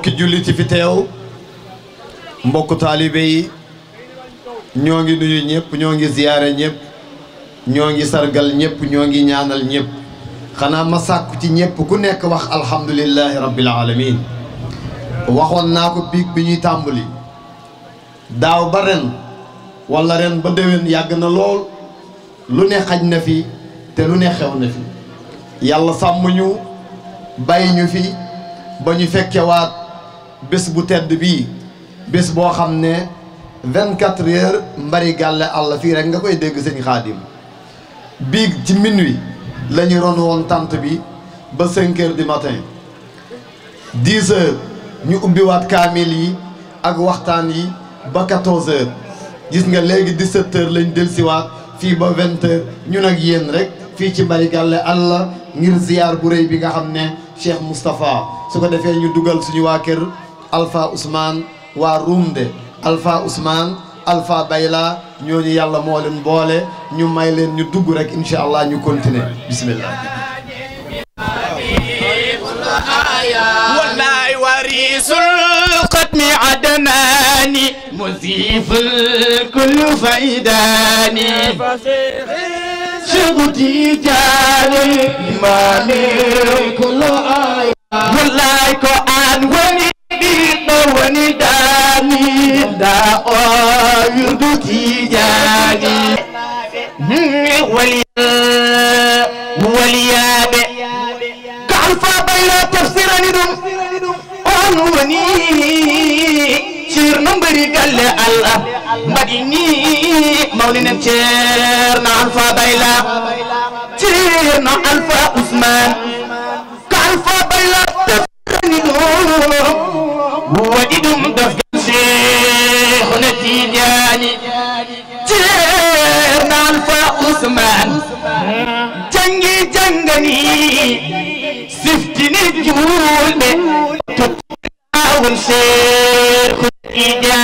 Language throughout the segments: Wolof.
mbokki jullit yi fi teew mbokk taalibe yi ñoo ngi nuyu ñëpp ñoo ngi ziyaare ñëpp ñoo ngi sargal ñëpp ñoo ngi ñaanal ñëpp xanaa ma sàkku ci ñëpp ku nekk wax alhamdulillahi rabbil alamin waxoon naa ko biig bi ñuy tàmbali daaw ba ren wala ren ba déwén yàgg na lool lu ne xaj na fi te lu ne xew na fi yàlla sàmm ñu bàyyi ñu fi ba ñu fekkewaat bés bu tedd bii bés boo xam ne vingt quatre heures mbari gàlle àlla fii rek nga koy dégg sëñ xaadim biig ci minuit la ñu ron woon tant bi ba cinq heures du matin dix heures ñu ubbiwaat kaamil yi ak waxtaan yi ba quatorze heures gis nga léegi di sept heures lañ delsiwaat fii ba vingt ñu ñun ak yéen rek fii ci mbari gàlle àll ngir ziyaar bu rëy bi nga xam ne Cheikh Moustapha su ko defee ñu dugal suñu waa kër Alpha Ousmane waa Rumde Alpha Bayla ñooñu yàlla moo leen boole ñu may leen ñu dugg rek incha allah ñu continuer bismillah wallahi warisul qatmi adnani مزيف الكل فايداني شبتي جاني إمامي كل آية والله قرآن وني wani dani da oyu duki jani waliyaɓe ka alfa bayra tafsirani ɗum on woni ceerno mbari galle allah mbaɗini mawninen ceerno alfa bayla ceerno alfa ousmane Seex Tijaan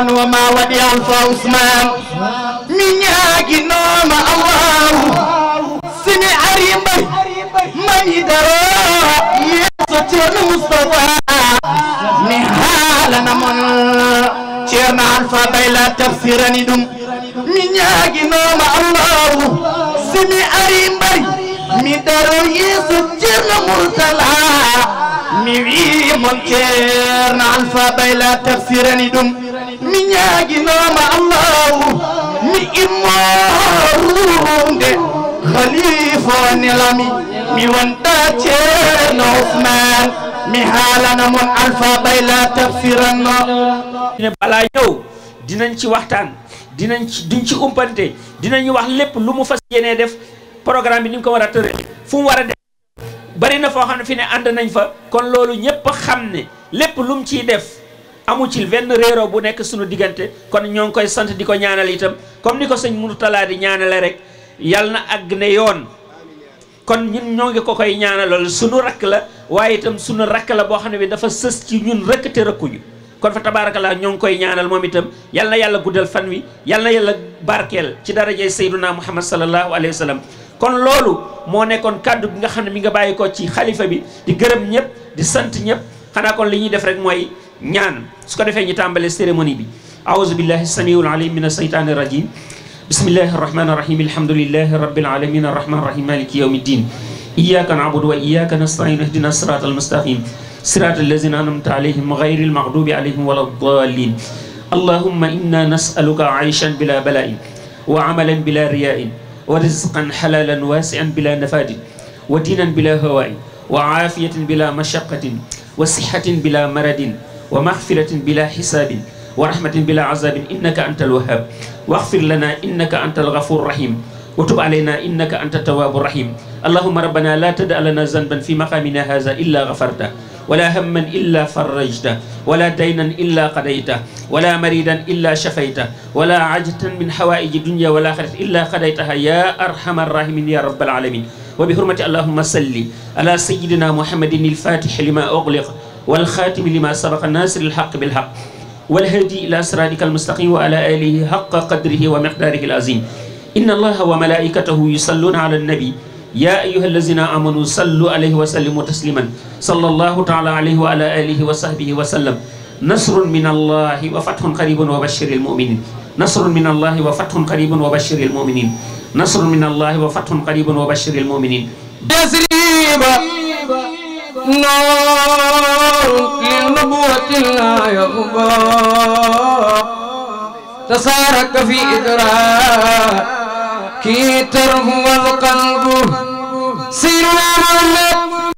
عثمان وما وديع فعثمان من ياجي نوم الله سمي عريم من يدرى يسطر المصطفى نحال نمون شيرنا الفا بيلا تفسيرني دم من ياجي نوم الله سمي عريم mi daro yeeso ceerno mursala mi wi mon ceerno alpha bayla tafsirani ɗum mi ñaaginooma allahu mi immoorunde halifoo nelami mi wonɗa ceerno ousman mi haalana mon alpha bayla tafsiranno ne bala ñëw dinañ ci waxtaan dinañ ci duñ ci umpante dinañu wax lépp lu mu fas yéenee def programme bi ni ko war a tëre fu mu war a def bari na foo xam ne fi ne ànd nañ fa kon loolu ñépp xam ne lépp lum mu ciy def amul ci benn réeroo bu nekk suñu diggante kon ñoo ngi koy sant di ko ñaanal itam comme ni ko sëñ Murtala di ñaanale rek yal na àgg ne yoon kon ñun ñoo ngi ko koy ñaanalool suñu rakk la waaye itam suñu rakk la boo xam ne bi dafa sës ci ñun rëkk te rëkkuñu kon fa tabaarakalaa ñoo ngi koy ñaanal moom itam yal na yàlla guddal fan wi yal na yàlla barkeel ci darajay sayduna muhammad sallallahu alayhi wa sallam kon loolu moo nekkoon kàddu bi nga xam ne mi nga bàyyi ko ci xalifa bi di gërëm ñëpp di sant ñëpp xanaa kon li ñuy def rek mooy ñaan su ko defee ñu tàmbalee cérémonie bi aouzu billahi samiul alim min asheytaani rajim bismillahi arrahmani arrahim alhamdulilahi rabbil alamin arrahman rahim maliki yawmi ddin iyyaka na'budu wa iyyaka nasta'in ihdina sirata almustaqim sirata allazina an'amta alayhim ghayri almaghdubi alayhim wala ddallin allahumma inna nas'aluka 'ayshan bila bala'in wa 'amalan bila riya'in wa rizqan halalan wasi'an bila nafadin wa dinan bila hawa'in wa 'afiyatan bila mashaqqatin wa sihhatan bila maradin wa maxfiratin bila xisaabin wa rahmatin bila azabin innaka anta alwahab waxfir lana innaka anta algafur rahim وتب علينا إنك أنت التواب الرحيم اللهم ربنا لا تدع لنا ذنبا في مقامنا هذا إلا غفرته ولا هما إلا فرجته ولا دينا إلا قضيته ولا مريدا إلا شفيته ولا عجة من حوائج الدنيا والآخرة إلا قضيتها يا أرحم الراحمين يا رب العالمين وبحرمة اللهم صل على سيدنا محمد الفاتح لما أغلق والخاتم لما سبق ناصر الحق بالحق والهدي إلى صراطك المستقيم وعلى آله حق قدره ومقداره العظيم إن الله وملائكته يصلون على النبي يا أيها الذين آمنوا صلوا عليه وسلموا تسليما صلى الله تعالى عليه وعلى آله وصحبه وسلم نصر من الله وفتح قريب وبشر المؤمنين نصر من الله وفتح قريب وبشر المؤمنين نصر من الله وفتح قريب وبشر المؤمنين تسليما نور للنبوة لا يغبى تسارك في إدراكي ترهو القلب سير محمد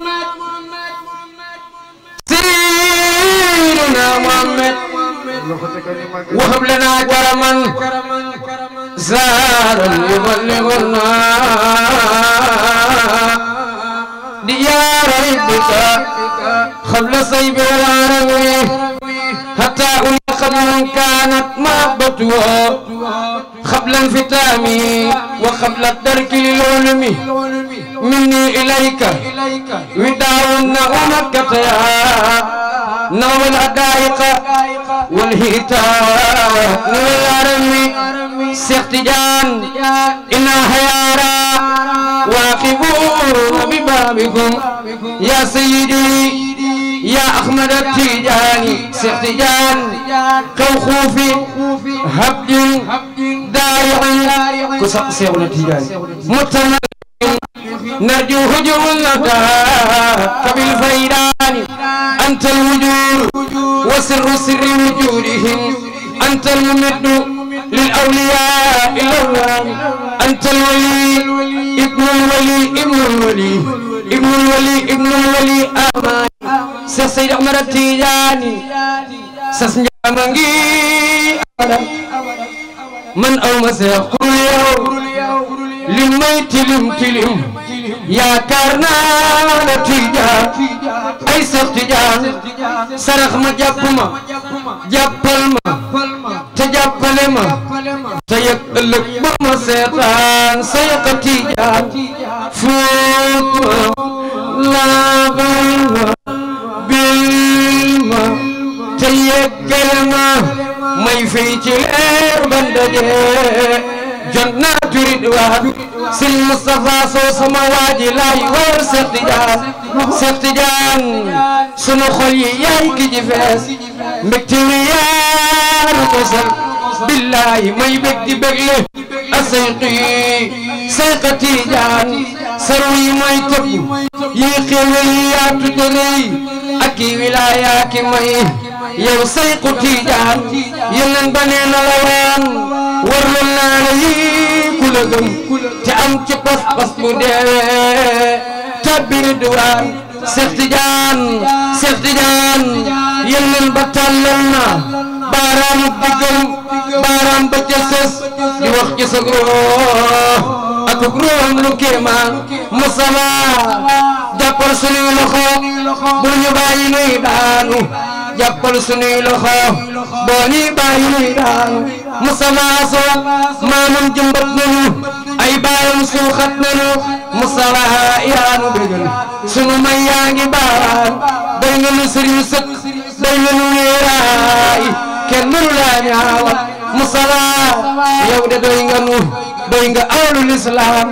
سيرنا محمد وهب لنا كرما زارا يبلغنا ديار ربك قبل صيب العربي حتى ألقى من كانت محبته قبل انفتام وقبل الترك للعلم مني إليك وداعنا هناك يا نوى الحدائق والهتاء نوى العرمي سيخ تجان إنا حيارا واقفون ببابكم يا سيدي يا أحمد التجاني سيخ تجان كوخوفي هبد دايع كسق سيغنا تجاني متنا نرجو هجو لك كبالفيدان أنت الوجود وسر سر وجودهم أنت الممد للأولياء الأوام أنت الولي ابن الولي ابن الولي ابن الولي ابن الولي آمان سيس سيد عمر التيجاني سيس نجامنجي أبدا man aw ma see xurul yow li may tilim tilim yaakaar naa la tijaan ay sax tijaan sarax ma jàpp ma jàppal ma te jàppale ma te yëg ëllëg ba ma seetaan sayqa tijaan fuut ma laabal ma bil ma te yëggal ma may ci leen dajee jot naa turid waat sil Moustapha Sow sama waa ji laay war Cheikh Tidiane Cheikh Tidiane yi yaay ki ci fees mbégte wi yaanu di bégle asayqi sayqa Tidiane saru yi yi xéewal yaatu tërëy ak i wilaaya ki may yow sayqu Tidiane yeneen warloon naa la yii ku la gëm am ci pas-pas bu deewee tabbir diwaan Seex Tijaan Seex Tijaan yëlleen ba tàllal na baaraamu diggam baaraam ba ca sës wax ci sa ruux ak ruuxam lu kéemaan Mustafa jàppal sunuy loxo bul ñu bàyyi nuy daanu jàppal sunuy loxo boo ñuy bàyyi nuy daanu Musa Maaso maamam jëmbat nañu ay baayam suuxat nañu Musa yaanu bégal sunu may yaa ngi baaraan day nga nu sëriñ sëkk day nga nu wéeraay kenn mënu laa ñaawal Musa yow de doy nga nu doy awlu lislaam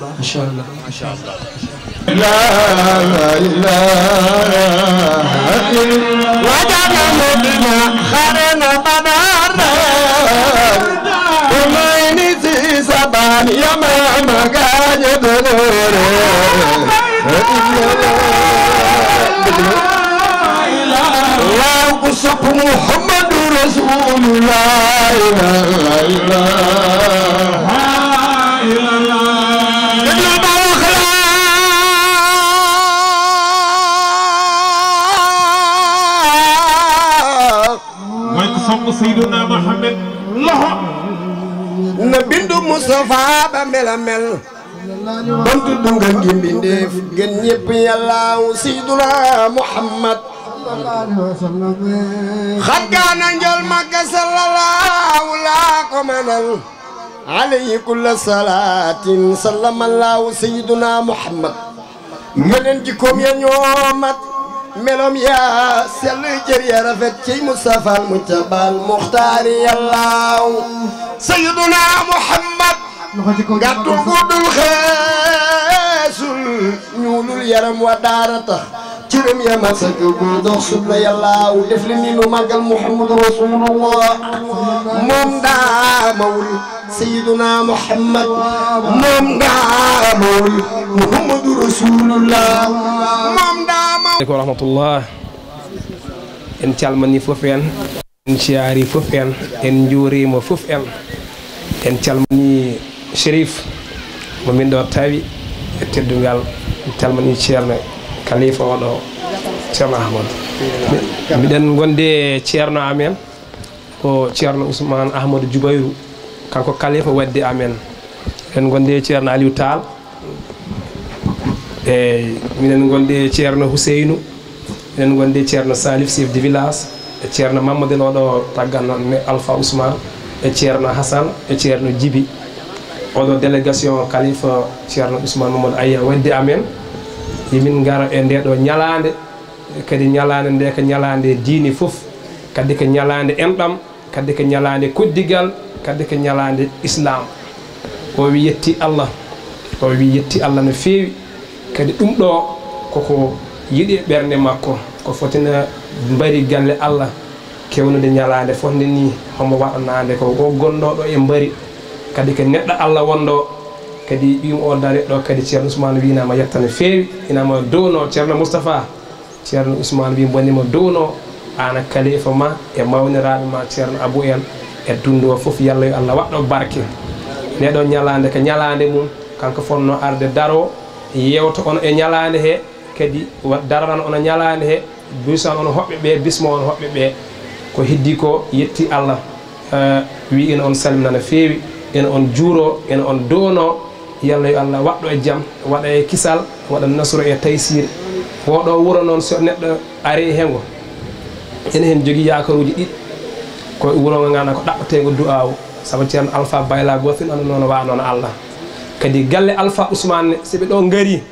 ما شاء الله ما شاء الله لا اله الا وجعل مبنى خرن منارا وما ينسي سبان يا ماما كان يدور الله وصف محمد رسول الله لا اله Moustapha ba mela mel bantu du nga ngi mbindeef ngeen ñëpp yàllaaw Seydina Muhammad xat kaana njol Makka sallallahu laa ko manal Muhammad meleen yaa sell jër ya rafet ci Moustapha al Mujtabal Muxtaari yàllaaw Muhammad gàttu guddul xeesul ñuulul yaram wa daara tax ya mat sa jógu dox sut la yàllaaw nu màggal muhammadu rasulullah moom muhammad moom daamawul muhammadu rasulullah moom daamawul aleykum wa rahmatullah en calmani fof en en ciyaari fof en en njuuriima fof shérif mo min ɗo tawi e teddugal calmini ceerno kalifa oɗo ceerno ahmadou mbiɗen gonde ceerno amen ko ceerno ousmane ahmadou djoubayrou kanko kalifa wadde amen eɗen gonde ceerno aliou tall eyyi minen gonde ceerno houseynou minen gonde ceerno salif chef de village e ceerno mamadel oɗo taggat noon alpha ousmane e ceerno hasane e ceerno djiby oɗo délégation kalifa ceerno ousmane mamadou aya waddi amen yimin gara e nde ɗo kadi ñalande nde ko kadi ko ñalande enɗam kadi ko ñalande koddigal kadi ko ñalande islam o wi yetti allah no feewi kadi ɗum ɗo koko yiɗi e ɓernde makko ko fotina mbari galle allah kewnude ñalande fonde ni homo waɗanande ko gonnoɗo e mbari kadi ko neɗɗo allah wonɗo kadi ɓimo o dareɗo kadi ceerno ousmane winama yetta no feewi inama downo ceerno moustapha ceerno ousmane wi bonima downo ana kalifa ma e mawniraɓe ma ceerno abou e dundu o foof yo allah waɗɗo barke neɗo ñalande ko ñalande on e he e bisma on hoɓɓe ɓe ko heddi ko yetti allah wi on salmina no feewi ene on juuro ene on doono yo allah yo allah waɗɗo e jaam waɗa e kisal waɗa nasro e taysir oɗo wuro noon so neɗɗo ari e hengo ene hen jogui yakaruji ɗiɗi ko wurogo ganduɗa ko ɗaɓɓatego du'awu saabu ceerno alpha bayla gotin ana noon wa noon allah kadi galle alpha ousmane seɓe ɗo gaari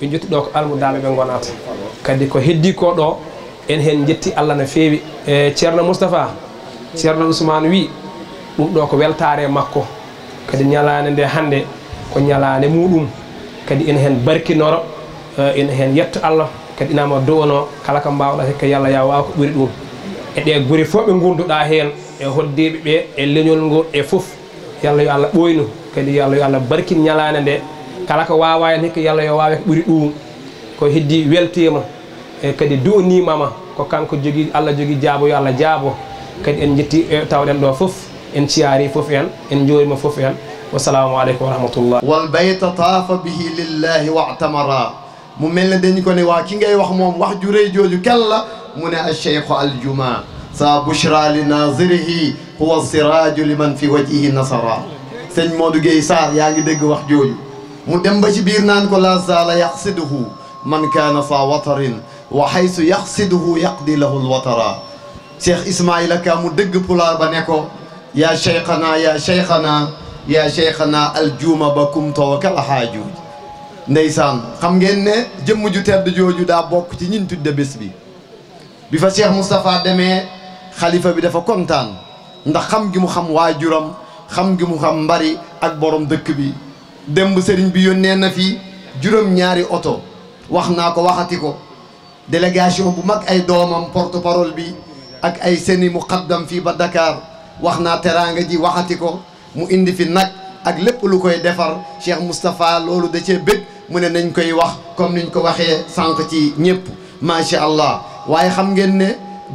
ɓe jotti ɗo ko almudaɓe ɓe gonata kadi ko heddi ko ɗo hen jetti allah no feewi e ceerno moustapha ceerno wi ɗum ɗo ko weltare e makko kadi ñalaande nde hannde ko ñalaande muɗum kadi ina heen barkinoro eh, ina heen yetto allah kadi inama dowono kala kala ko wawa e e e hen hikka yo allah ko ɓuuri ɗum ko heddi weltima kadi du'onimama ko kanko jogui allah jogui jaabo yo allah jaabo kadi en jetti tawɗen ɗo fof en ciyaari fof en en joorima fof en wasalaamu aleykum wa rahmatullah wal bayta taafa bihi lillahi wa tamara mu mel ne dañ ko ne waa ki ngay wax moom wax ju rëy jooju kan la mu ne alcheikhu aljuma sa bushra li nazirihi huwa siraju liman fi wajhihi nasara sëñ Modou Gueye Sarr yaa ngi dégg wax jooju mu dem ba ci biir naan ko la zala yaxsiduhu man kaana sa watarin wa haysu yaxsiduhu yaqdi lahu lwatara cheikh ismaila ka mu dëgg pulaar ba ne ko yaa cheikhana yaa cheikhana yaa cheikhana aljuuma ba kumta wa kala ndeysaan xam ngeen ne jëmm ju tedd jooju daa bokk ci ñin tudde bés bi bi fa cheikh moustapha demee xalifa bi dafa kontaan ndax xam gi mu xam waajuram xam gi mu xam mbari ak boroom dëkk bi démb sëriñ bi yónnee na fi juróom-ñaari oto wax naa ko waxati ko délégation bu mag ay doomam porte bi ak ay seeni muqaddam fii ba dakaar wax naa teraanga ji waxati ko mu indi fi nag ak lépp lu koy defar Cheikh Moustapha loolu da cee bëgg mu ne nañ koy wax comme niñ ko waxee sànq ci ñëpp macha allah waaye xam ngeen ne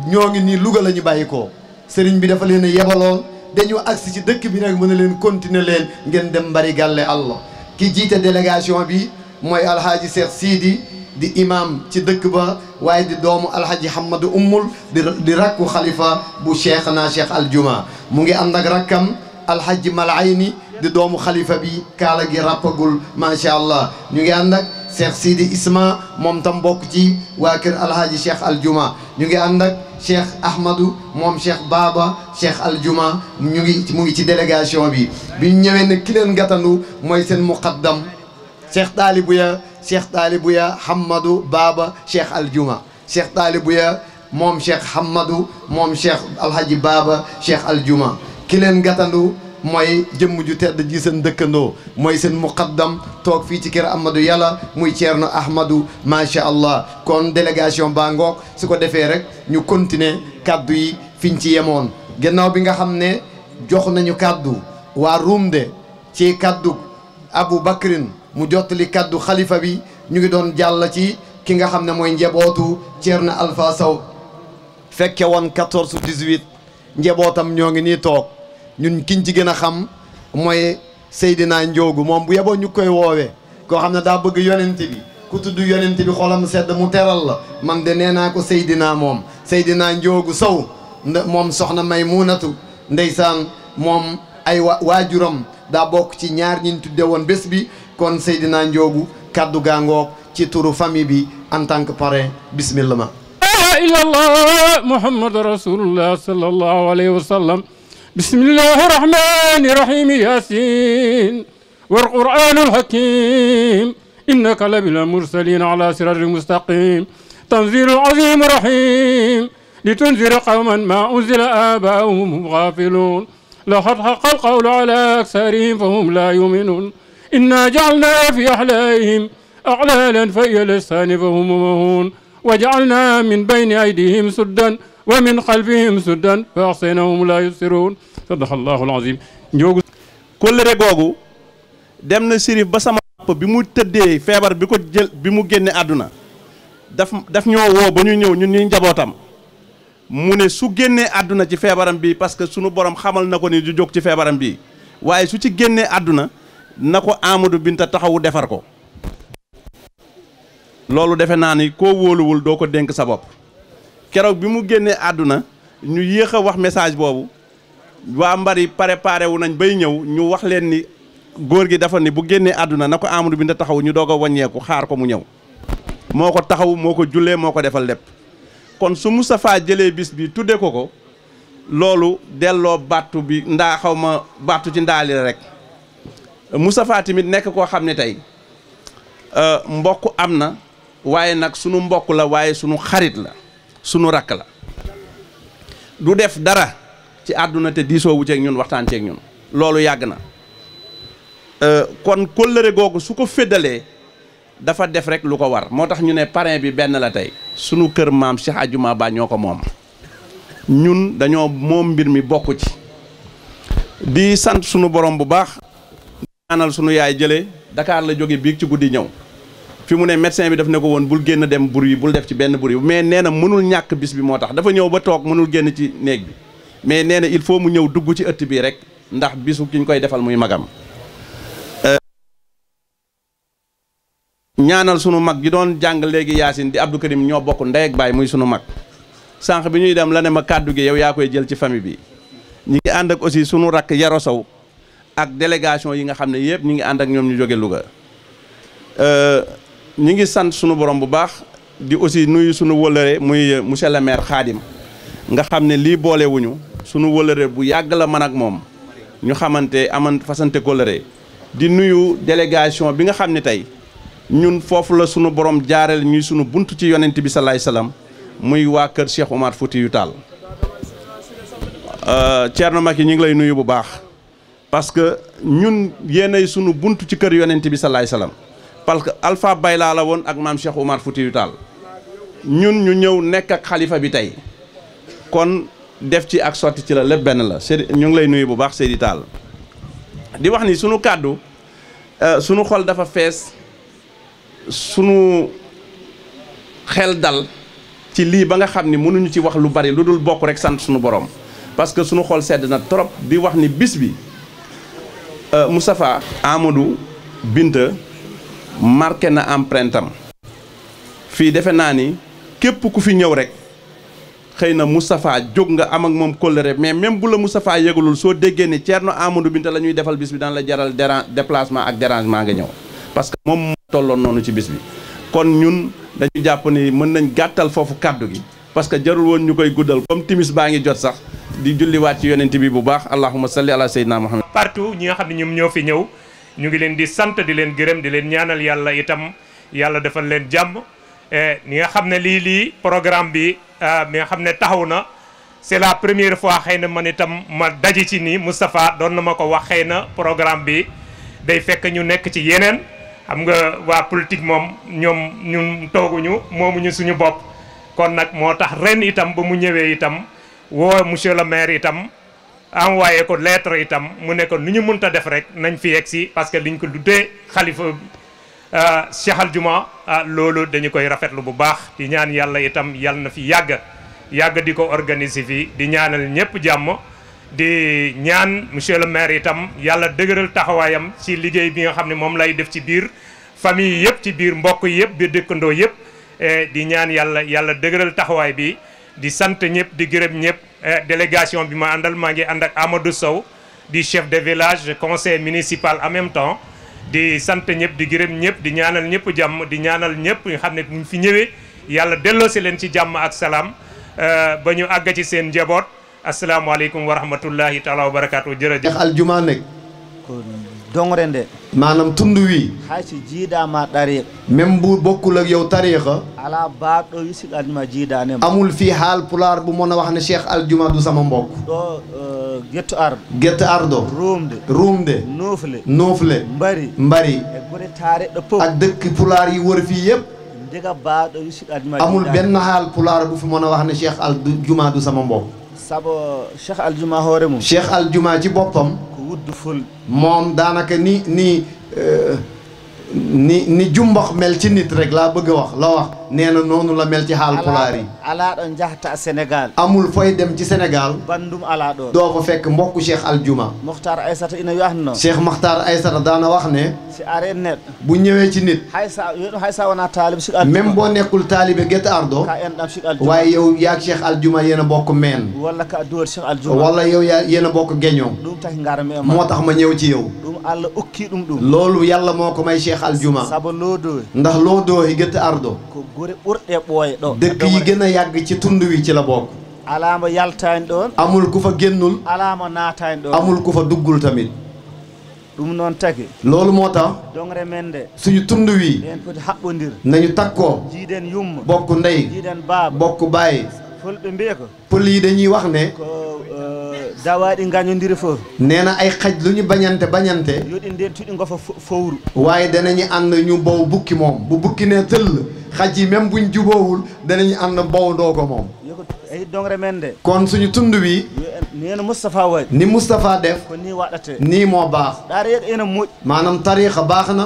ñoo ngi nii Louga la ñu bàyyi ko sëriñ bi dafa leen a yebaloon dañu agsi ci dëkk bi nag mën a leen continuer leen ngeen dem mbari gàlle allah ki jiite délégation bi mooy alhaaji Cheikh Sidi di imam ci dëkk ba waaye di doomu alhaji Hamadou Ummul di di rakku xalifa bu cheikh naa cheikh aljuma mu ngi ànd ak rakkam alhaji Malayni di doomu xalifa bi kaala gi ràppagul macha allah ñu ngi ànd ak cheikh Sidi Isma moom tam mbokk ci waa kër alhaji cheikh aljuma ñu ngi ànd ak cheikh Ahmadou moom cheikh Baba cheikh aljuma ñu ngi mu ngi ci délégation bi bi ñu ñëwee ne ki leen mooy seen muqaddam cheikh Taalibu ya cheikh taalibu ya Hammadou Baba cheikh Aljuma cheikh taalibu ya moom cheikh Hammadou moom cheikh Alhaji Baba cheikh Aljuma ki leen gàttandu mooy jëmm ju tedd ji seen dëkkandoo mooy seen muqaddam toog fii ci kër Amadou yàlla muy na Thierno Ahmadou macha allah kon délégation baa ngoog su ko defee rek ñu continuer kàddu yi fiñ ci yemoon gannaaw bi nga xam ne jox nañu kàddu waa Rumde ci kàddu Abu Bakrin mu jottali kàddu xalifa bi ñu ngi doon jàll ci ki nga xam ne mooy njebootu na Alpha Sow fekke woon 14 18 njebootam ñoo ngi nii toog ñun kiñ ci gën a xam mooy Seydina njóogu moom bu yeboo ñu koy woowe koo xam ne daa bëgg yonent bi ku tudd yonent bi xolam sedd mu teral la man de nee naa ko Seydina moom Seydina njóogu Sow moom soxna Maymunatu ndeysaan moom ay waajuram daa bokk ci ñaar ñi ñu tudde woon bés bi kon Seydina Ndiogou kaddu gaa ngoog ci turu famille bi en tant que parrain bismillah illallah muhammad rasulullah sallallahu alayhi wa sallam bismillahi rahmani rahim yasin wal qur'anul hakim innaka laminal mursalin ala siratin mustaqim tanzilul azim rahim litunzira qawman ma unzila aba'uhum hum ghafilun laqad haqqal qawlu ala aktharihim fahum la yu'minun إنا جعلنا في أحلائهم أغلالا فهي الأجسام فهم مهون وجعلنا من بين أيديهم سدا ومن خلفهم سدا فأحصيناهم لا يبصرون صدق الله العظيم njoogu kóllëre googu dem na sirif ba bi mu tëddee feebar bi ko jël bi mu génne àdduna daf daf ñoo woo ba ñu ñëw ñun ñuy njabootam mu ne su génnee àdduna ci feebaram bi parce que sunu borom xamal na ko ni du jóg ci feebaram bi waaye su ci génnee àdduna na ko Amadou Binta taxawu defar ko loolu defe naa ni koo wóoluwul doo ko dénk sa bopp keroog bi mu génnee àdduna ñu yéex a wax message boobu waa Mbari préparé wu nañ bay ñëw ñu wax leen ni góor gi dafa ni bu génnee àdduna na ko Amadou Binta taxawu ñu doog a wàññeeku xaar ko mu ñëw moo ko taxaw moo ko jullee moo ko defal lépp kon su Moustapha jëlee bis bi tuddee ko ko loolu delloo battu bi ndaa xaw ma battu ci ndaali rek musafaa tamit nekk koo xam ne tey euh, mbokk am na waaye nag sunu mbokk la waaye sunu xarit la sunu rakk la du def dara ci àdduna te diisoo wu ceeg ñun waxtaan ceeg ñun loolu yàgg na euh, kon kóllëre googu su ko feddalee dafa def rek lu ko war moo tax ñu ne parrain bi benn la tey sunu kër maam Cheikh Adjouma Ba ñoo ko moom ñun dañoo moom mbir mi bokk ci di sant sunu borom bu baax ñaanal sunu yaay jëlee Dakar la jóge biig ci guddi ñëw fi mu ne médecin bi daf ne ko woon bul génn dem bruit bul def ci benn bruit mais nee na mënul ñàkk bis bi moo tax dafa ñëw ba toog mënul génn ci néeg bi mais nee na il faut mu ñëw dugg ci ëtt bii rek ndax bisu ki koy defal muy magam euh, ñaanal sunu mag gi doon jàng léegi yaasin di Abdou Karim ñoo bokk ndey baay muy sunu mag sànq bi ñuy dem la ne ma kàddu gi yow yaa koy jël ci famille bi ñi ngi ànd ak aussi sunu rakk Yaro Sow ak délégation yi nga xam ne yëpp ñu ngi ànd ak ñoom ñu jóge Louga euh, ñu ngi sant sunu borom bu baax di aussi nuyu sunu wëlëre muy euh, monsieur le maire xaadim nga xam ne lii boolewuñu sunu wëlëre bu yàgg la man ak moom ñu xamante aman fasante kóllëre di nuyu délégation bi nga xam ni tey ñun foofu la sunu borom jaareel ñuy sunu bunt ci yonent bi salaay salaam muy waa kër Cheikh Omar Foutiyou Tall euh, Thierno Macky ñu ngi lay nuyu bu baax. parce que ñun yéenay sunu bunt ci kër yonent bi salaay salaam parce que Alpha Bayla la woon ak maam Cheikh Oumar Foutiyou Tall ñun ñu ñëw nekk ak xalifa bi tey kon def ci ak sotti ci la lépp benn la Seydi ñu ngi lay nuyu bu baax Seydi taal di wax ni sunu kàddu euh, sunu xol dafa fees sunu xel dal ci lii ba nga xam ni mënuñu ci wax lu bari lu dul bokk rek sant sunu borom parce que sunu xol sedd na trop di wax ni bis bi. Euh, Moustapha Amadou Binta marqué na empreinte fii defe naa ni képp ku fi ñëw rek xëy na Moustapha jóg nga am ak moom kóllëre mais même bu la Moustapha yëgalul soo déggee ni Thierno Amadou Binta la ñuy defal bis bi daan la jaral déplacement ak dérangement nga ñëw parce que moom tolloon noonu ci bis bi kon ñun dañu jàpp ni mën nañ gàttal foofu kàddu gi parce que jarul woon ñu koy guddal comme timis baa ngi jot sax di julliwaat ci yonent bi bu baax allahumma salli ala sayyidina muhammad partout ñi nga xam ne ñoom ñoo fi ñëw ñu ngi leen di sant di leen gërëm di leen ñaanal yàlla itam yàlla defal leen jàmm eh, ñi nga xam ne lii lii programme bi ah, mi nga xam ne taxaw na c'est la première fois xëy na man itam ma daje ci nii Moustapha doon na ma ko wax xëy na programme bi day fekk ñu nekk ci yeneen xam nga waa politique moom ñoom ñun tooguñu moomuñu suñu bopp kon nag moo tax ren itam ba mu ñëwee itam woo monsieur le maire itam envoyé ko lettre itam mu ne ko nu ñu mënta def rek nañ fi yegg si parce que liñ ko duddee xalifa euh, Cheikh Aljuma ah, loolu dañu koy rafetlu bu baax di ñaan yàlla itam yàlla na fi yàgg yàgg di ko organiser fii di ñaanal ñëpp jàmm di ñaan monsieur le maire itam yàlla dëgëral taxawaayam ci liggéey bi nga xam ne moom lay def ci biir famille yëpp ci biir mbokk yëpp bi dëkkandoo yëpp E, di ñaan yàlla yàlla dëgëral taxawaay bi di sant ñëpp di gërëm ñëpp e, délégation bi ma àndal maa ngi ànd ak Amadou Sow di chef de village conseil municipal en même temps di sant ñëpp di gërëm ñëpp di ñaanal ñëpp jàmm di ñaanal ñëpp ñu xam ne buñ fi ñëwee yàlla delloosi leen ci jàmm ak salaam e, ba ñu àgg ci seen njaboot asalaamaaleykum wa rahmatullahi taala wa barakaatu jërëjëf. aljuma nekk. dongre nde maanaam tund wi hayso jiidaama tariq même bu bokkul ak yow tariqa ala baaɗo yusik aljuma jiidaanema amul fii haal pulaar bu mën a wax ne cheikh aljuma du sama mbokk ɗo euh, getto ardo getto ruumde ruumde nuufle nuufle mbari mbari e ak dëkk pulaar yi wër fii yëpp ndiga baaɗo yusik aljuma amul benn haal pulaar bu fi mën a wax ne cheikh aljuma du sama mbokk sabo cheikh aljuma hoore mum cheikh aljuma boppam moom daanaka ni ni euh, ni ni jumbox mel ci nit rek laa bëgg a wax la wax nee na la mel ci xaal pulaar yi alaa amul foy dem ci sénégal bandum alaa ɗo doo fekk mbokku cheikh aljuma muxtar aysata ina wiyatno cheikh muxtar aysata daana wax ne si are bu ñëwee ci nit haysa yoɗum haysa wona taalib boo nekkul taalibe gett ardo ka en ɗam sik aljuma waaye yow yaag cheikh aljuma yéen a bokk meen walla ka duwal cheikh aljuma walla yow yaa yéen a bokk ɗum ma ñëw ci yow ɗum allah ukki ɗum ɗum loolu yàlla moo may cheikh aljuma saba loodooy ndax loodooy gett ardo ɓuri dëkk yi gën a yàgg ci tund wi ci la bokk alaama yaltaani ɗoon amul ku fa gennul alaama naataani ɗoon amul ku fa duggul tamit ɗum noon taki loolu moo tax dongre men suñu tund wi en foti haɓɓondir nañu takkoo jiiden yumma bokk ndey jiiden bokk baay fulɓe mbiya pël yi dañuy wax ne ko euh, dawaaɗi gañodiri fof nee na ay xaj lu ñu bañante bañante yoɗi nden tuɗi ngofa fowru waaye danañu ànd ñu bow bukki moom bu bukki ne tëll xaj yi même buñ juboowul danañu ànd bawndoo ko moom kon suñu tund wi ni Moustapha def nii moo baax maanaam tariixa baax na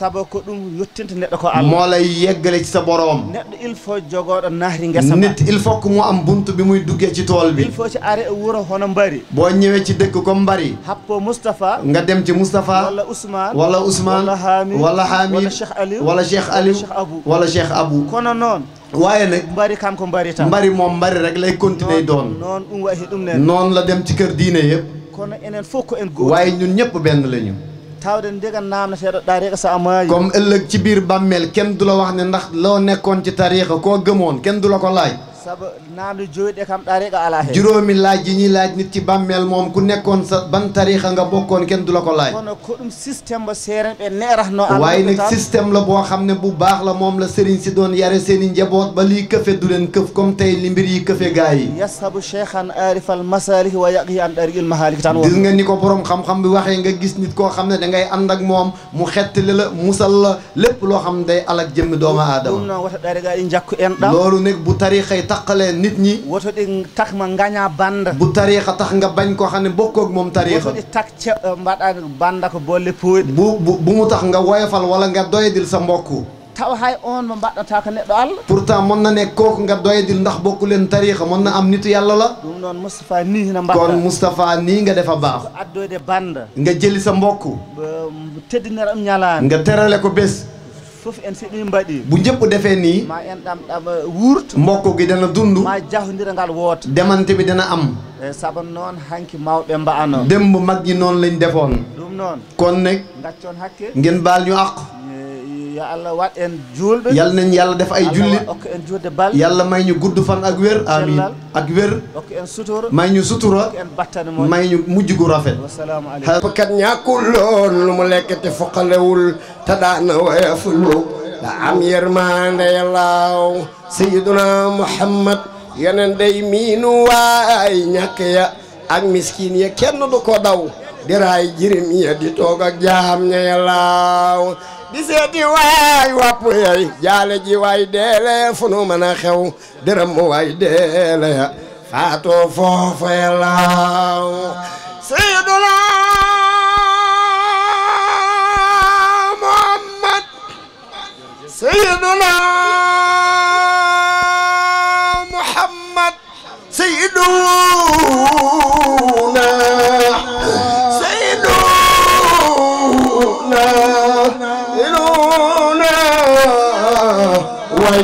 sabu ko ɗum yettinta neɗɗo ko allah moo lay yeggale ci sa boroom neɗɗo il faut jogooɗo naati ngesa nit il faut que mu am buntu bi muy duggee ci tool bi il faut ci are e wuro hono mbari boo ñëwee ci dëkk comme mbari happo nga dem ci moustapha wala ousmane wala ousmane wala hamid wala hamid wala cheikh aliou wala cheikh aliou wala cheikh abou kono noon waaye nag mbari kam ko mbari tan mbari moom mbari rek lay continuer doon noon ɗum wayi ɗum la dem ci kër diine yëpp kono enen fof ko en waaye ñun ñëpp benn la ñu tawde ndega namna seeɗo tariqa sa maayi comme ëllëg ci biir bàmmeel kenn du la wax ne ndax loo nekkoon ci tariqa koo gëmoon kenn du la ko laaj saabu naandu jooɗe kam tariqa ala heen juróomi laaj yi ñuy laaj nit ci bàmmeel moom ku nekkoon sa ban tariqa nga bokkoon kenn du la ko laaj kono ko ba seeren ɓe neeratno ala waaye nag système la boo xam ne bu baax la moom la sëriñ si doon yare seen i njaboot ba liy këfe du leen këf comme tey li mbir yi këfe gaa yi yasabu cheikhan arifal masalik wa yaqi an tariqil mahalik tan gis nga ni ko borom xam-xam bi waxee nga gis nit koo xam ne da ngay ànd ak moom mu xettali la musal la lépp loo xam ne day alak jëmmi doomu aadama loolu nag bu tariqa taqalee nit ñi woto ɗi takma gaña banda bu tarixa tax nga bañ ko xam ne bokkoog moom tarixa woto ɗi takca euh, mbaɗa banda ko bolle pooɗi bu bu mu tax nga woyofal wala nga doyadil sa mbokku taw hay on mo mbaɗata ko neɗɗo allah pourtant mën na ne kooku nga doyadil ndax bokku leen tarixa moon na am nitu yàlla la ɗum noon moustapha ni hina mbaɗa kon moustapha ni nga defa baax addoyde banda nga jëli sa mbokk teddinere am ñalaani nga terale ko bés fof en so ɗum mbaɗi bu jëpp defee nii ma en ɗam ɗam euh, wuurt mbokk gi dana dund ma jahondira ngal woota demante bi dana am eyi saabu noon hanki mawɓe mba'ano démb mag ñi noonu lañ defoon ɗum noon kon nag gaccon hakke ngeen baal ñu yo allah waat en julɓe yal nañ def ay jullit okka en juurde bal yàlla may ñu gudd fan ak wér amin ak wér okka en sutura may ñu sutura en battane mo may ñu mujj gu rafet wasalaamu aleykum kat ñàkkul loon lu mu lekk te foqalewul te daana wayafulu da am yërmande yàllaaw sayiduna muhammad yeneen day miinu waay ñàkk ya ak miskin ya ko daw diraay jirim di toog jaam ña yàllaaw di seeti waay wàpp yey jaale ji waay deele fu nu mën a xew dërëm waay deele ya faatoo foofa yàllaaw seydula muhammad seydula muhammad seydu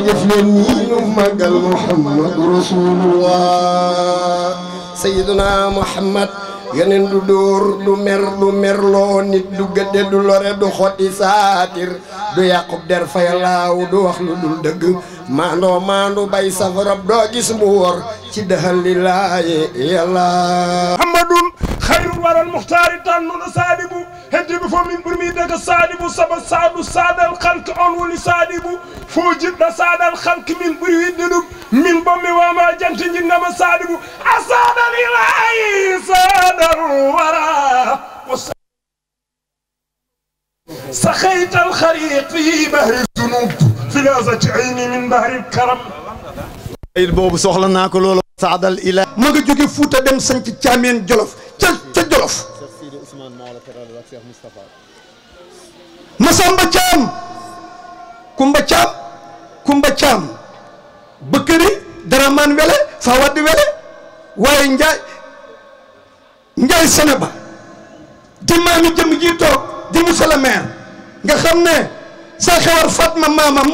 def leen nii ñu màggal Muhammad rasulullah sayyiduna Muhammad yeneen du dóor du mer du merloo nit du gëdde du lore du xotti saatir du yàqub der fa yalaaw du wax lu dul dëgg maandoo maandu bay safarab doo gis mu wor ci dëxal lillaahi yàlla muhammadun xayrul waral muxtaari tànnu na saadibu heddiɓe fof min ɓurmi daga saadibu saabu saadu saadal halka on woni saadibu fo jiɗɗo saadal halka min ɓuuri widde ɗum min bon mi wama jante jinnama saadibu a saadal ilayi saadal wara سخيت الخريق في بحر الذنوب في لازة عيني من بحر الكرم ayit boobu soxla naa ko loolu saadal ilahi ma nga jóge Fuuta dem sanc Caameen Jolof ca ca Jolof ak Cheikh Moustapha. Masamba Kumba Thiam Kumba Thiam Bëkkëri Daraman wele Fawad wele waaye Njaay Njaay Seneba di maami jëm ji di monsieur nga xam ne sa xewar Fatma maamam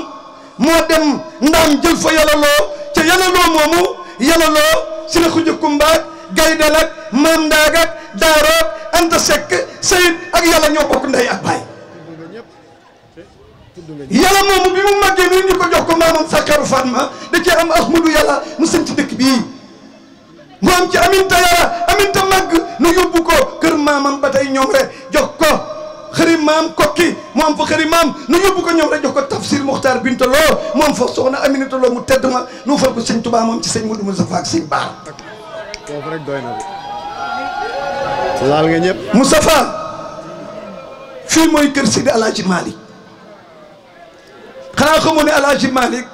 moo dem ndaam jël fa yalaloo ca yalaloo moomu yalaloo si la xuj gaydel ak maam ndaag ak daaroog anta sekk sayid ak yàlla ñoo bokk ndey ak baay yàlla moomu bi mu màggee nii ñu ko jox ko maamam sàkkaaru Fatma da cee am ahmadu yàlla mu sëñ ci dëkk bii mu am ci aminta yàlla aminta màgg nu yóbbu ko kër maamam ba tey ñoom rek jox ko xëri maam kokki mu am fa xëri maam nu yóbbu ko ñoom rek jox ko tafsir muxtaar binta loo mu am fa soxna aminata loo mu tedd ma nu fal ko sëñ Tuubaa moom ci sëñ Mudu Mustafa ak sëñ Baar foofu laal nga ñëpp Moustapha fii mooy kër Sidi Alaaji Malick xanaa xamoo ne Alaaji Malick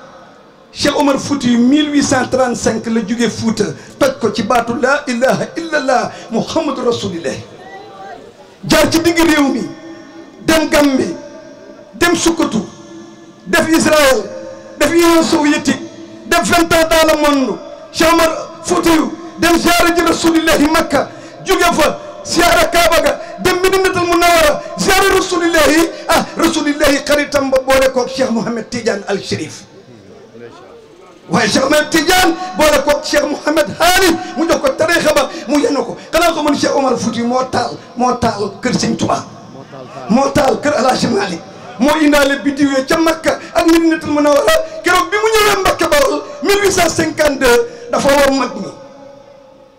Cheikh Omar Fouti la jóge Fouta toj ko ci baatu laa ilaha illallah muhammadu rasulillah jaar ci digg réew mi dem Gàmbi dem Sukkatu def Israël def Union soviétique def vingt ans dans le monde Cheikh Omar dem ziyaara ji rasulillahi makka jóge fa ziyaara kaaba ga dem Madinatul Munawwara ziyaara rasulillahi ah rasulillahi xaritam ba boole koog Cheikh Mouhamed Tidiane Al Chérif waaye Cheikh Mouhamed Tidiane mu jox ko tariixa ba mu yenu ko xanaa ko mën Cheikh Omar Fouti moo taal moo taal kër Sëñ Tuubaa moo taal kër Alaaji Maalik moo indaale biddiwee ca Makka ak Madinatul Munawwara keroog bi mu ñëwee Mbacke Bawol 1852 dafa war mag ñi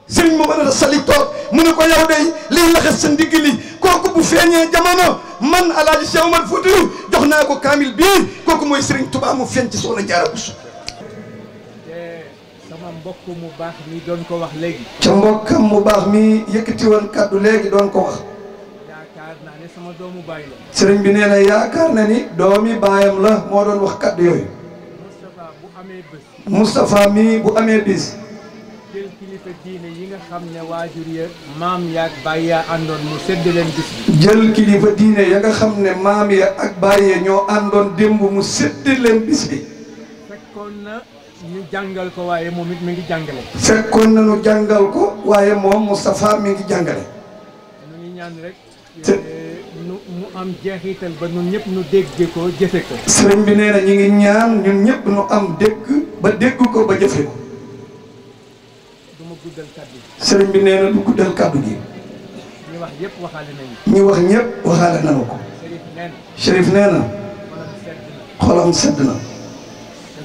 sëriñ mu mën a sali toog mu ne ko yow day liy laxas sa kooku bu feeñee jamono man alaaji Cheikh Omar Foutiyou jox naa ko kaamil bii kooku mooy sëriñ Tuubaa mu feeñ ci Soxna Jaara mu baax mi doon ko wax léegi ca mbokkam mu baax mi yëkkati woon kàddu léegi doon ko wax yaakaar sama doomu baay la sëriñ bi nee na yaakaar na ni doomi baayam la moo doon wax kàddu yooyu Moustapha diine yi nga xam ne waajur ya maam ya ak jël kilifa diine ya nga xam ne maam ya ak baay ñoo àndoon démb mu sedd leen bis bi fekkoon na ñu jàngal ko waaye moom it mi ngi jàngale fekkoon na jàngal ko waaye moom Moustapha mi ngi jàngale ñu eh, mu am jeexital ba ñun ñëpp ñu dégg ko jëfe ko sëriñ bi nee na ñu ngi ñaan ñun ñëpp ñu am dégg ba dégg ko ba jëfe sëriñ bi nee na du guddal kàddu gi. ñi wax ñëpp waxaale nañu. ñi wax ñëpp waxaale nañu ko. Chérif nee na. xolam sedd na.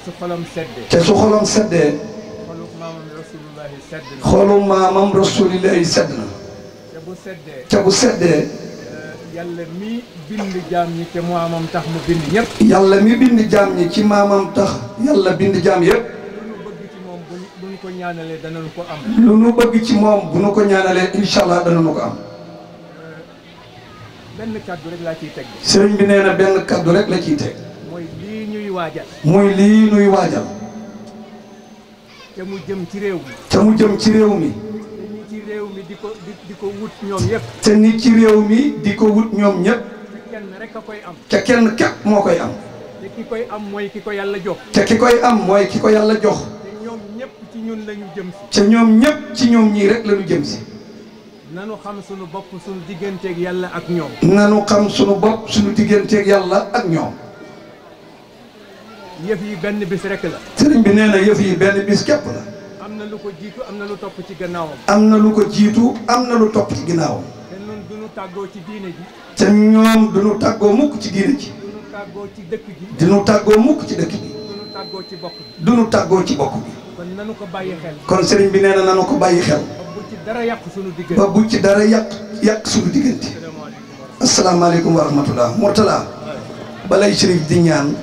te su xolam seddee. te su xolam seddee. xolu maamam rasulillahi sedd na. te bu seddee. te bu seddee. Eh, yàlla mi bind jaam ñi te maamam tax mu bind ñëpp. yàlla mi bind jaam ñi ci maamam tax yàlla bind jaam yëpp. ñaanalee danañu ko am. lu nu bëgg ci moom bu nu ko ñaanalee incha allah danañu ko am. Euh, benn kaddu rek laa ciy teg. sëriñ bi neena benn kàddu rek la ciy teg. mooy lii ñuy waajal. mooy lii ñuy waajal. te mu jëm ci réew mi. te mu jëm ci réew mi. nit ci réew mi di ko di ko wut ñoom ñëpp. te nit ci réew mi di ko wut ñoom ñëpp. te kenn rek moo koy am. te ki koy am mooy ki ko yàlla jox. te ki koy am mooy ki ko yàlla jox. ci lañu jëm si. ñoom ñëpp ci ñoom ñii rek lañu jëm si. nanu xam suñu bopp suñu digganteeg yàlla ak ñoom. nanu xam suñu bopp suñu digganteeg yàlla ak ñoom. yëf yi benn bis rek la. sëriñ bi nee na yëf yi benn bis képp la. am na lu ko jiitu am na lu topp ci gannaawam. am na lu ko jiitu am na lu topp ci gannaawam. te ñun du ñu tàggoo ci diine ji. te ñoom du ñu tàggoo mukk ci diine ji. du ñu tàggoo ci dëkk ji. du tàggoo mukk ci dëkk ji. tàggoo ci bokk bi. duñu tàggoo ci bokk bi. kon nanu ko bàyyi xel. kon bi nee na nanu ko bàyyi xel. ba bu ci dara yàq suñu diggante. ba ci dara yàq yàq suñu diggante. asalaamaaleykum wa rahmatulah Mourtala. balay sëriñ di ñaan.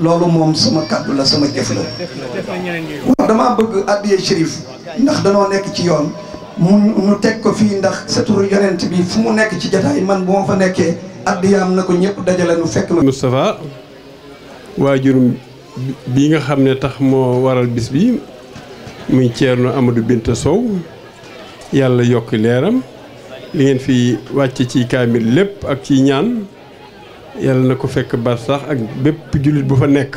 loolu moom sama kàddu la sama jëf la waaw damaa bëgg àddiyee shérif ndax danoo nekk ci yoon mu ñu teg ko fii ndax sa turu yonent bi fu mu nekk ci jataay man bu ma fa nekkee àddiyaam na ko ñëpp dajale nu fekk ma Moustapha waajurum bi nga xam ne tax moo waral bis bi muy Ceerno amadu Binta Sow yàlla yokk leeram li ngeen fi wàcc ci kaamil lépp ak ci ñaan yàlla na ko fekk barsax ak bépp jullit bu fa nekk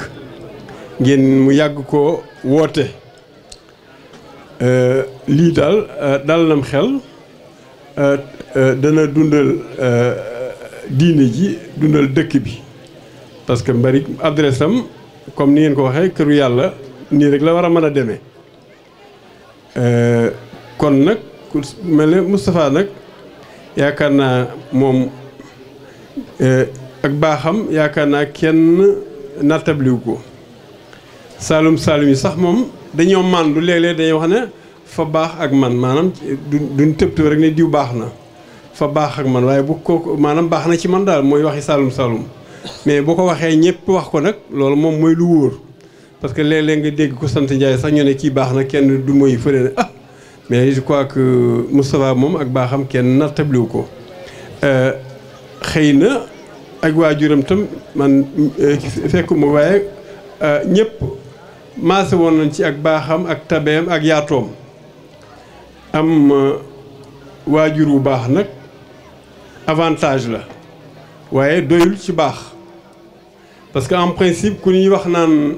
ngeen mu yàgg ko woote euh, lii daal euh, dal nam xel euh, dana dundal diine ji dundal dëkk bi parce que mbari adresse comme ni ngeen ko waxee këru yàlla nii rek la war a mën a demee euh, kon nag ku mel ne mustafaa nag yaakaar naa moom euh, ak baaxam yaakaar naa kenn nattabliwu ko saalum saalum yi sax moom dañoo man lu léeg-léeg dañuy wax ne fa baax ak man maanaam du duñ tëb rek ne diw baax na fa baax ak man waaye bu ko maanaam baax na ci man daal mooy waxi saalum saalum mais boo ko waxee ñëpp wax ko nag loolu moom mooy lu wóor parce que léeg nga dégg ko sant Ndiaye sax ñu ne kii baax na kenn du mooy fële ne ah! mais je crois que Moustapha moom ak baaxam kenn nattabliwu ko euh, xëy na ak waajuram tam man euh, fekkuma waaye euh, ñëpp maase woon nañ ci ak baaxam ak tabeem ak yaatoom am waajur wu baax nag avantage la waaye doyul ci baax parce que en principe ku ñuy wax naan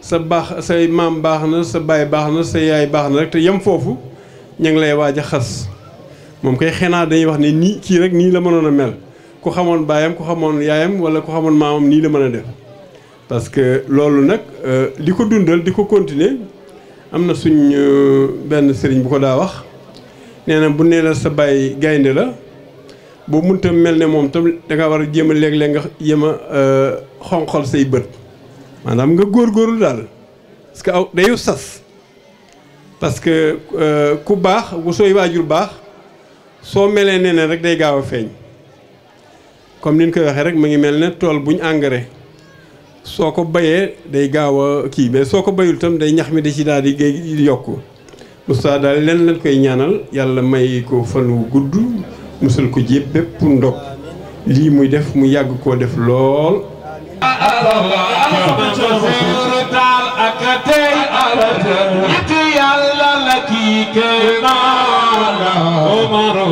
sa baax say maam baax na sa baay baax na sa yaay baax na rek te yem foofu ña ngi lay waaj a xas moom kay xenaa dañuy wax ne nii kii rek nii la mënoon a mel ku xamoon baayam ku xamoon yaayam wala ku xamoon maamam nii la mën a def parce que loolu nag euh, di ko dundal di ko continuer am na suñ euh, benn sëriñ bu ko daa wax nee na bu nee la sa baay gaynde la boo tam mel ne moom tam da war a jéem a léeg-léeg nga jéem a euh, xonqal say bët maanaam nga góor góorul daal parce que aw dayu sas parce que euh, ku baax bu sooy waajur baax soo melee nee ne rek day gaaw a feeñ comme ni koy waxee rek mu ngi mel ne tool buñ engrais soo ko bayee day gaaw a kii mais soo ko bayul tam day ñax mi da ci daal di yokku Moustapha daal leen lañ koy ñaanal yàlla may ko fan wu gudd musal ko ji bépp ndog lii muy def mu yàgg koo def lool Omaro,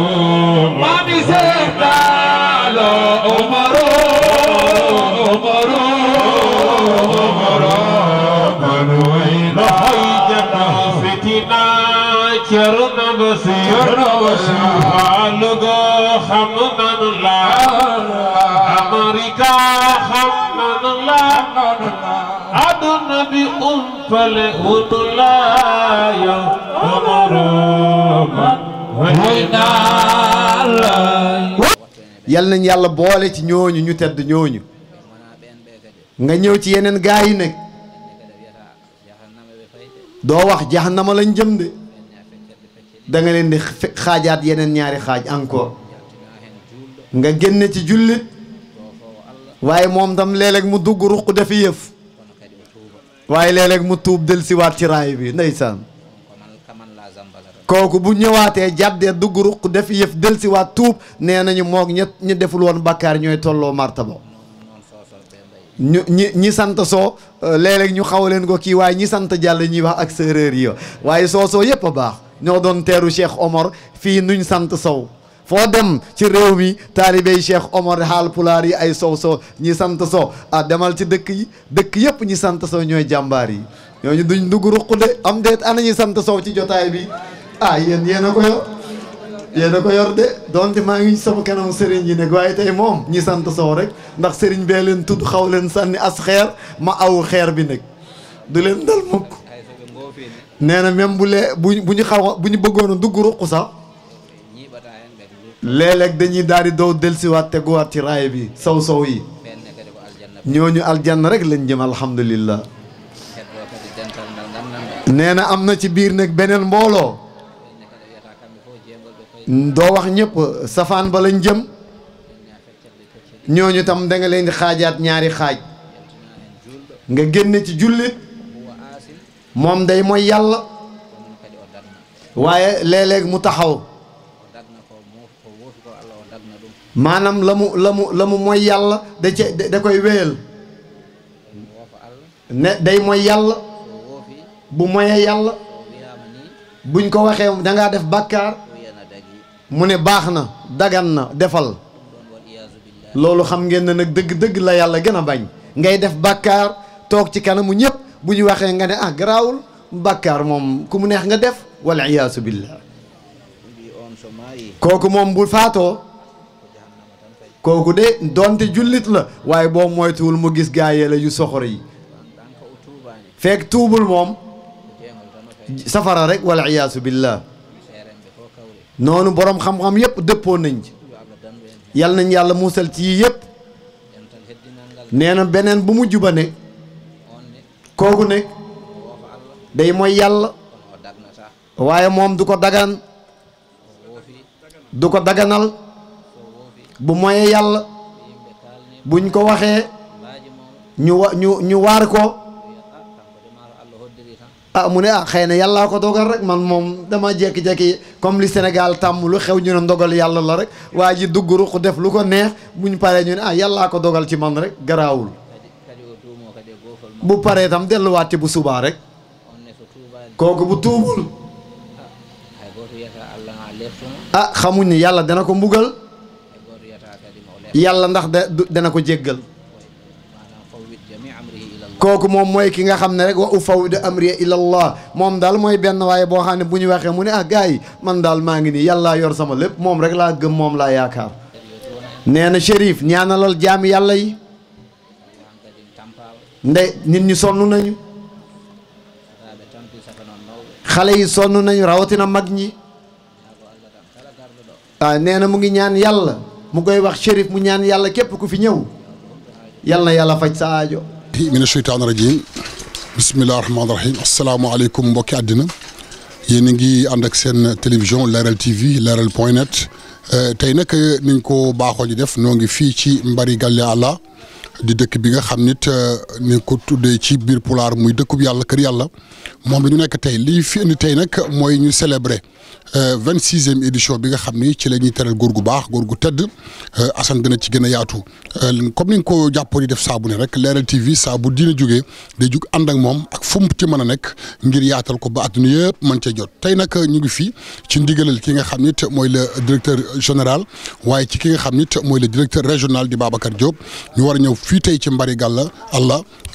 mami se dalo. cërna basir nanu nañ yàlla boole ci ñooñu ñu tedd ñooñu nga ñëw ci yeneen gaa yi nag doo wax jahannama lañ jëm de da leen di xaajaat yeneen ñaari xaaj encore nga génne ci jullit waaye moom tam léeg mu dugg ruq def yëf waaye léeg mu tuub del siwaat ci raay bi ndeysaan kooku bu ñëwaatee jàddee dugg ruq def yëf del siwaat tuub nee nañu moog ñett ñi deful woon bàkkaar ñooy tolloo martaba ñu ñi sant soo euh, léeg ñu xaw leen ko kii waaye ñi sant jàll ñuy wax ak séeréer yi waaye soo soo yëpp a baax ñoo doon teeru Cheikh omor fii ñu sant sow foo dem ci réew mi taalibey Cheikh omor xaal pulaar yi ay sow sow ñi sant sow ah demal ci dëkk yi dëkk yëpp ñi sant sow ñooy jàmbaar yi ñooñu duñ dugg ruq de am déet ana ñi sant sow ci jotaay bi ah yéen yéen a ko yo yéen a ko yor de donte maa ngi sama kanamu sëriñ yi nekk waaye tey moom ñi sant Sow rek ndax sëriñ bee leen tudd xaw leen sànni as xeer ma aw xeer bi nekk du leen dal mukk nee na même bu lee bu ñu xaw bu ñu bëggoon a dugg ruq sax léeg-léeg dañuy daal di dow delsiwaat teguwaat ci raay bi sow sow yi ñooñu aljanna rek lañ jëm alhamdulillah nee na am na ci biir nag beneen mbooloo doo wax ñëpp safaan ba lañ jëm ñooñu tam da nga leen di xaajaat ñaari xaaj nga génne ci jullit moom day moy yàlla waaye léeg-léeg mu taxaw maanaam la mu la mu la mu yàlla da ce da koy wéyal ne day mooy yàlla bu moyee yàlla buñ ko waxee dangaa def bàkkaar mu ne baax na dagan na defal loolu xam ngeen ne dëgg-dëgg la yàlla gën a bañ ngay def bàkkaar toog ci kanamu ñépp bu ñu waxee nga ne ah garaawul bàkkaar moom ku mu neex nga def wala iyaasu billah kooku moom bu faatoo kooku de doonte jullit la waaye boo moytuwul mu gis gaayee la yu soxor yi fekk tuubul moom safara rek wala iyaasu billah noonu boroom xam-xam yépp dëppoo nañ ci yal nañ yàlla muusal ci yii yépp nee na beneen bu mu ba ne kooku ne day mooy yàlla waaye moom du ko dagan du ko daganal bu moyee yàlla buñ ko waxee ñu wa ñu waar ko ah mu ne ah xëy na yàllaa ko dogal rek man moom dama jékki-jékki comme li Sénégal tàmm lu xew ñu ne ndogal yàlla la rek waa ji dugg ruq def lu ko neex ñu paree ñu ne ah yàllaa ko dogal ci man rek garaawul bu paree tam delluwaat ci bu subaa rek kooku bu tuubul ah, ni yàlla dana ko mbugal yàlla ndax da dana ko jéggal kooku moom mooy kii nga xam ne rek wa ufawwidu amri ilallah moom daal mooy benn waaye boo xam ne bu ñu waxee mu ne ah gars yi man daal maa ngi nii yàllaa yor sama lépp moom rek laa gëm moom laa yaakaar nee na Chérif ñaanalal jaami yàlla yi nde nit ñi sonn nañu xale yi sonn nañu rawatina mag ñi waaw ah, nee na mu ngi ñaan yàlla mu koy wax Chérif mu ñaan yàlla képp ku fi ñëw yal yàlla faj sa aajo billahi mina sheytaani rajim bisimilah rahmaani rahim asalaamaaleykum mbokki àddina yéen a ngi ànd ak seen télévision Leral TV Leral point net euh, tey nag euh, niñ ko baaxoo di def noo ngi fii ci Mbari Galle Alla di dëkk bi nga xam nit euh, ni ko tuddee ci biir pulaar muy dëkkub yàlla kër yàlla moom la ñu nekk tey li fi indi tey nag mooy ñu célébrer euh, vingt sixième édition bi nga xam ni ci la ñuy teral góor gu baax góor gu tëdd euh, Assane dina ci gën a yaatu euh, comme ni nga ko jàppoo di def saabu ne rek Leral TV saa bu diina jógee day jug ànd ak moom ak fu mu ci mën a nekk ngir yaatal ko ba àdduna yëpp mën cee jot tey nag ñu ngi fii ci ndigalal ki nga xam nit mooy le directeur général waaye ci ki nga xam nit mooy le directeur régional di Babacar Diop ñu war a ñëw fii tey ci Mbari Gàlla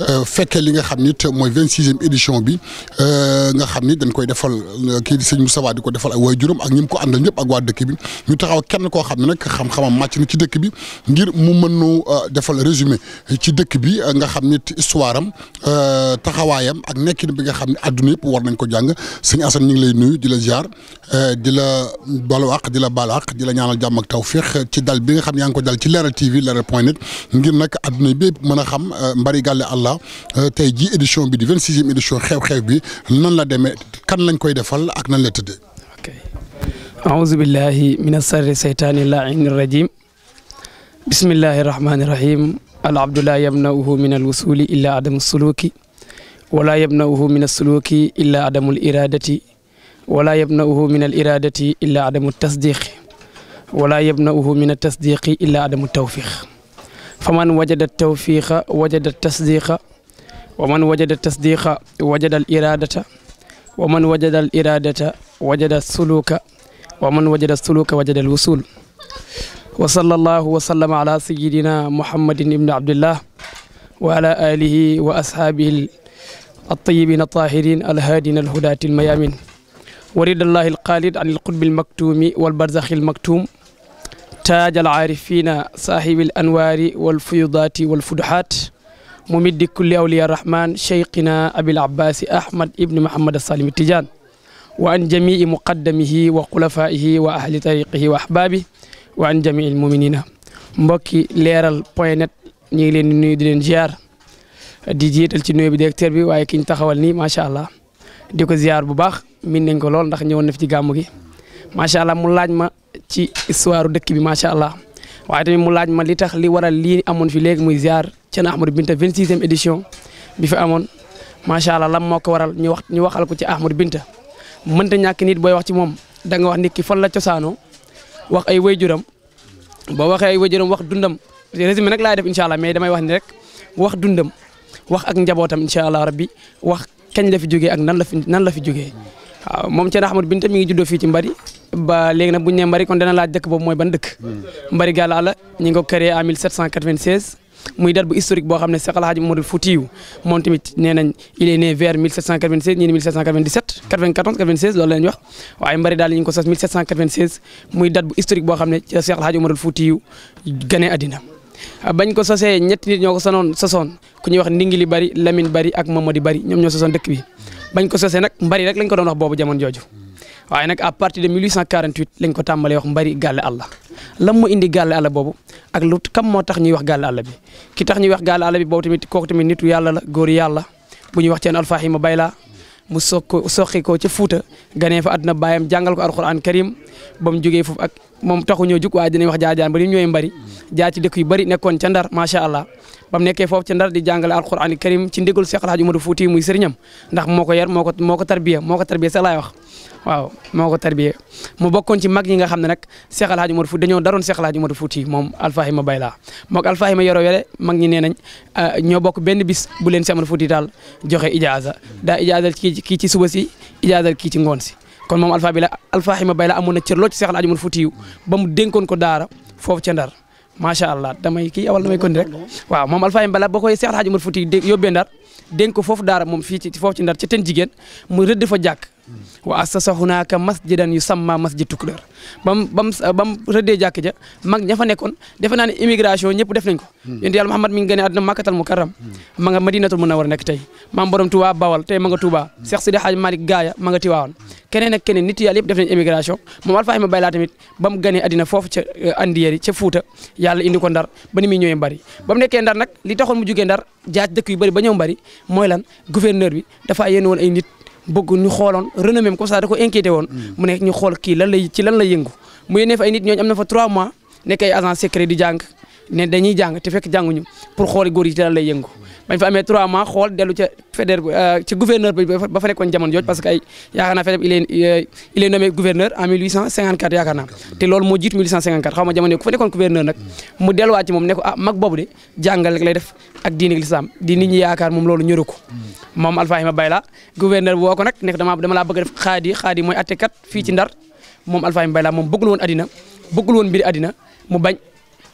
Euh, fekkee li nga xam ni mooy vingt sixième édition bi euh, nga xam ni dañ koy defal euh, kii di sëñ Moussa ko defal ay waajuram ak ñi ko àndal ñëpp ak waa dëkk bi ñu taxaw kenn koo xam ne nag xam-xamam màcc ci dëkk bi ngir mu mën defal résumé ci dëkk bi nga xam ni histoire am taxawaayam ak nekkin bi nga xam ne àdduna yëpp war nañ ko jàng sëñ Assane ñu ngi lay nuyu di la ziar di la balu àq di la baal di la ñaanal jàmm ak tawféex ci dal bi nga xam yaa ngi ko dal ci Leral TV Leral point net ngir nag àdduna bi mën a xam mbari gàlle allah euh, tey jii édition bi di édition xew-xew bi nan la demee kan lañ koy defal ak nan la tëddee. ok aouzu billahi min asarri seytaani laaini rajim bismillahi rahmaani rahim al abdu laa yamnauhu min al wusuli illa adamu suluki wala yamnauhu min assuluki illa adamu al iradati wala yamnauhu min al iradati illa adamu tasdiqi wala yamnauhu min at illa adamu tawfiq fa man wajada tawfiqa wajada tasdiqa wa man wajada tasdiqa wajada al iradata wa man wajada al iradata wajada suluka wa man wajada suluka wajada al wusul wa sallallahu wa sallama ala sayidina muhammadin ibni abdillah wa ala alihi wa ashaabihi الطيبين الطاهرين الهادين الهداة الميامين ورد الله القالد عن القلب المكتوم والبرزخ المكتوم taaj al aarifina saahibi al anwaari wal fuyudaati wal fuduhaat mumiddi kulli awliya rahman cheikhina abil abbaasi ahmad ibni muhammad salim tidiane wa an jamii muqaddamihi wa xulafaihi wa ahli tariqihi wa ahbaabi wa an jamii al muminina mbokki leeral point net ñu ngi leen di nuyu di leen ziar di jiital ci nuyu bi directeur bi waaye ki ñu taxawal nii macha allah di ko ziar bu baax min nañ ko lool ndax ñëwoon na fi ci gàmm gi macha allah mu laaj ma ci histoire dëkk bi macha allah waaye tamit mu laaj ma li tax li waral lii amoon fi léegi muy ziar Cene Ahmadou Binta vingt e édition bi fi amoon macha allah lan moo ko waral ñu wax ñu waxal ko ci Ahmadou Binta mënta ñàkk nit booy wax ci moom da nga wax nit ki fan la cosaano wax ay wayjuram boo waxee ay wayjuram wax dundam résumé nag laay def incha allah mais damay wax ni rek wax dundam wax ak njabootam incha allah rabbi wax kañ la fi jógee ak nan la fi nan la fi jógee. waaw moom Thierno Ahmadou Binta mi ngi juddoo fii ci Mbari ba léegi nag bu ñu nee Mbari kon dana laaj dëkk boobu mooy ban dëkk. Mbari Galla Alla ko créé en 1796 muy date bu historique boo ko sos 1796 muy date bu historique boo xam ne ci Seex Alaaji Mamadu Fuutiyu gane àddina bañ ko sosee ñetti ñoo ko ku ñuy wax ndingi li bari Lamine bari ak Mamadi bari ñoom ñoo sosoon dëkk bi bañ ko sosee nag mbari rek lañ ko doon wax boobu jamono jooju waaye nag à partir de 1848 lañ ko tàmbalee wax mbari gàlle àlla lan moo indi gàlle àlla boobu ak lu kam moo tax ñuy wax gàlle àlla bi ki tax ñuy wax gàlle àlla bi boobu tamit kooku tamit nitu yàlla la góor yàlla bu ñuy wax ceen alfahima bay laa mu soog soqi ko ca Fuuta ganee fa àdduna bàyyam jàngal ko alquran karim ba mu jógee foofu ak moom taxu ñoo jug waaye dinañ wax jaajaan ba ni mu ñëwee mbari jaar ci dëkk yu bëri nekkoon ca ndar macha allah ba mu nekkee foofu ci ndar di jàngale alquraan karim ci ndigal Seex Alaaji Umar Fuuti muy sëriñam ndax moo ko yar moo ko moo ko tarbiya moo ko tarbiya sax laay wax waaw moo ko tarbiya mu bokkoon ci mag ñi nga xam ne nag Seex Alaaji Umar Fuuti dañoo daroon Seex Alaaji Umar Fuuti moom Alfahima Bayla moog Alfahima yoroo yore mag ñi nee nañ euh, ñoo bokk benn bis bu leen Seex Umar Fuuti daal joxe ijaaza daa ijaazal kii ci suba si ijaazal kii ci ngoon si kon moom Alfahima Bayla amoon na cër loo ci Seex Alaaji Umar Fuuti ba mu dénkoon ko daara foofu ca ndar macha allah damay kii awal damay kon rek waaw moom Alpha Mbala ba koy Seex Alaaji Umar Fuuti yóbbee Ndar dénk ko foofu daara moom fii ci foofu ci Ndar ci ten jigéen mu rëdd fa wa assasa hunaaka masjidan yusamma masjid Tukulóor bam bam bam rëddee jàkk ja mag ña nekkoon defe naa ne immigration ñëpp def nañ ko hmm. yonent yàlla Muhammad mi ngi gane àdduna Makkatal Mukarram hmm. ma nga Madinatul Munawwara nekk tey maam borom Tuubaa ma nga Tuubaa hmm. Cheikh Sidi Hadj Malick Gaaya ma nit yàlla yëpp def nañ immigration moom Alfayda Baylaa tamit ba mu ganee àddina foofu ca eh, Andiyeeri ca Fuuta yàlla ko mu nekkee Ndar nag li taxoon mu jugee Ndar jaaj dëkk yu bëri ba ñëw Mbari mooy lan gouverneur bi dafa yéen woon ay nit bëgg ñu xooloon renommé ko ça da ko inquiété woon. Mm. mu nekk ñu xool kii lan lay ci lan la yëngu muy neef ay nit ñooñu am na fa 3 mois nekk ay agent secret di jàng. ne dañuy jàng te fekk jànguñu pour xool góor yi ci lan lay yëngu bañ fa amee trois mois xool dellu ca fédère euh, ci gouverneur bi ba fa nekkoon jamono jooju parce que yaakaar naa euh, te loolu moo jiitu xaw ma jamono ku fa nekkoon gouverneur nag mu delluwaat ci moom ne ko ah mag boobu de jàngal rek lay def ak diine lislaam di ñi yaakaar moom loolu ñëru ko moom mm. Alfahima Bayla gouverneur woo ko nag ne ko dama dama laa bëgg a def xaadi xaadi mooy attekat fii ci Ndar moom Alfahima Bayla moom bëggul woon addina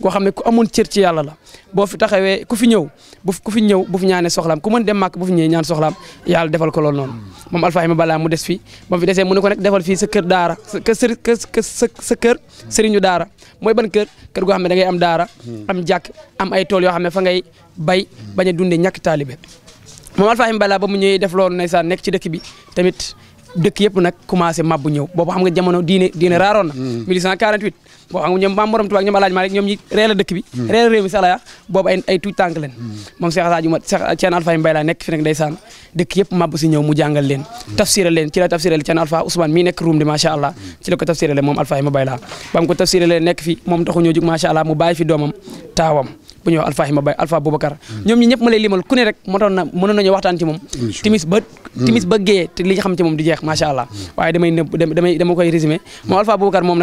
koo xam ne ku amoon cër ci yàlla la boo fi taxawee ku fi ñëw bu ku fi ñëw bu fi ñaanee soxlaam ku mën dem màkk bu fi ñëwee ñaan soxlaam yàlla defal ko loolu noonu hmm. moom alfahima balaa mu des fii ba fi desee mu ne ko nag defal fii sa kër daara sa sa kër sëriñu daara mooy ban kër kër goo xam ne da ngay am daara hmm. am jàkk am ay tool yoo xam ne fa ngay bay bañ a dundee ñàkk taalibe moom alfahima balaa ba mu ñëwee def loolu ndeysaan nekk ci dëkk bi tamit dëkk yëpp nag commencé mabbu ñëw boobu xam nga jamono diine diine raaroon na hmm. boo xam ñoom maam borom tubaab ñoom alaaj Maalik ñoom ñi reela dëkk bi hmm. reela réew mi salaya boobu ay ay tuuti tànk leen hmm. moom Cheikh Sadio Mat Cheikh Thierno Alpha Mbaye nekk fi nag dëkk yëpp màbb si ñëw mu jàngal leen hmm. tafsiral leen ci la tafsiral Thierno ci la ko tafsirale moom Alpha Mbaye laa ba mu ko nekk fi moom taxu ñoo jug macha allah mu bàyyi fi doomam taawam bu ñuy wax Alpha Hima Baye ñoom ñi ñëpp ma lay limal ku ne rek mënoon na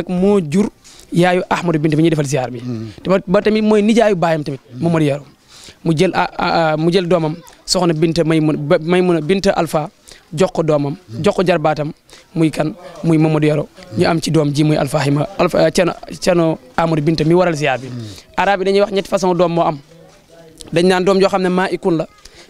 moo jur yaayu Ahmadou Binta bi ñuy defal ziar bi. Mm. te ba tamit mooy nijaayu baayam tamit moom moo di mu jël mu jël doomam soxna Binta Maymuna Maymuna Binta Alpha jox ko doomam. Mm. jox ko jarbaatam muy kan muy Mamadou Yoro ñu am ci doom ji muy Alpha Hima Alpha Cerno eh, Cerno Ahmadou Binta mi waral ziar bi. Mm. arabe dañuy wax ñetti façon doom moo am dañ naan doom joo xam ne maa ikun la.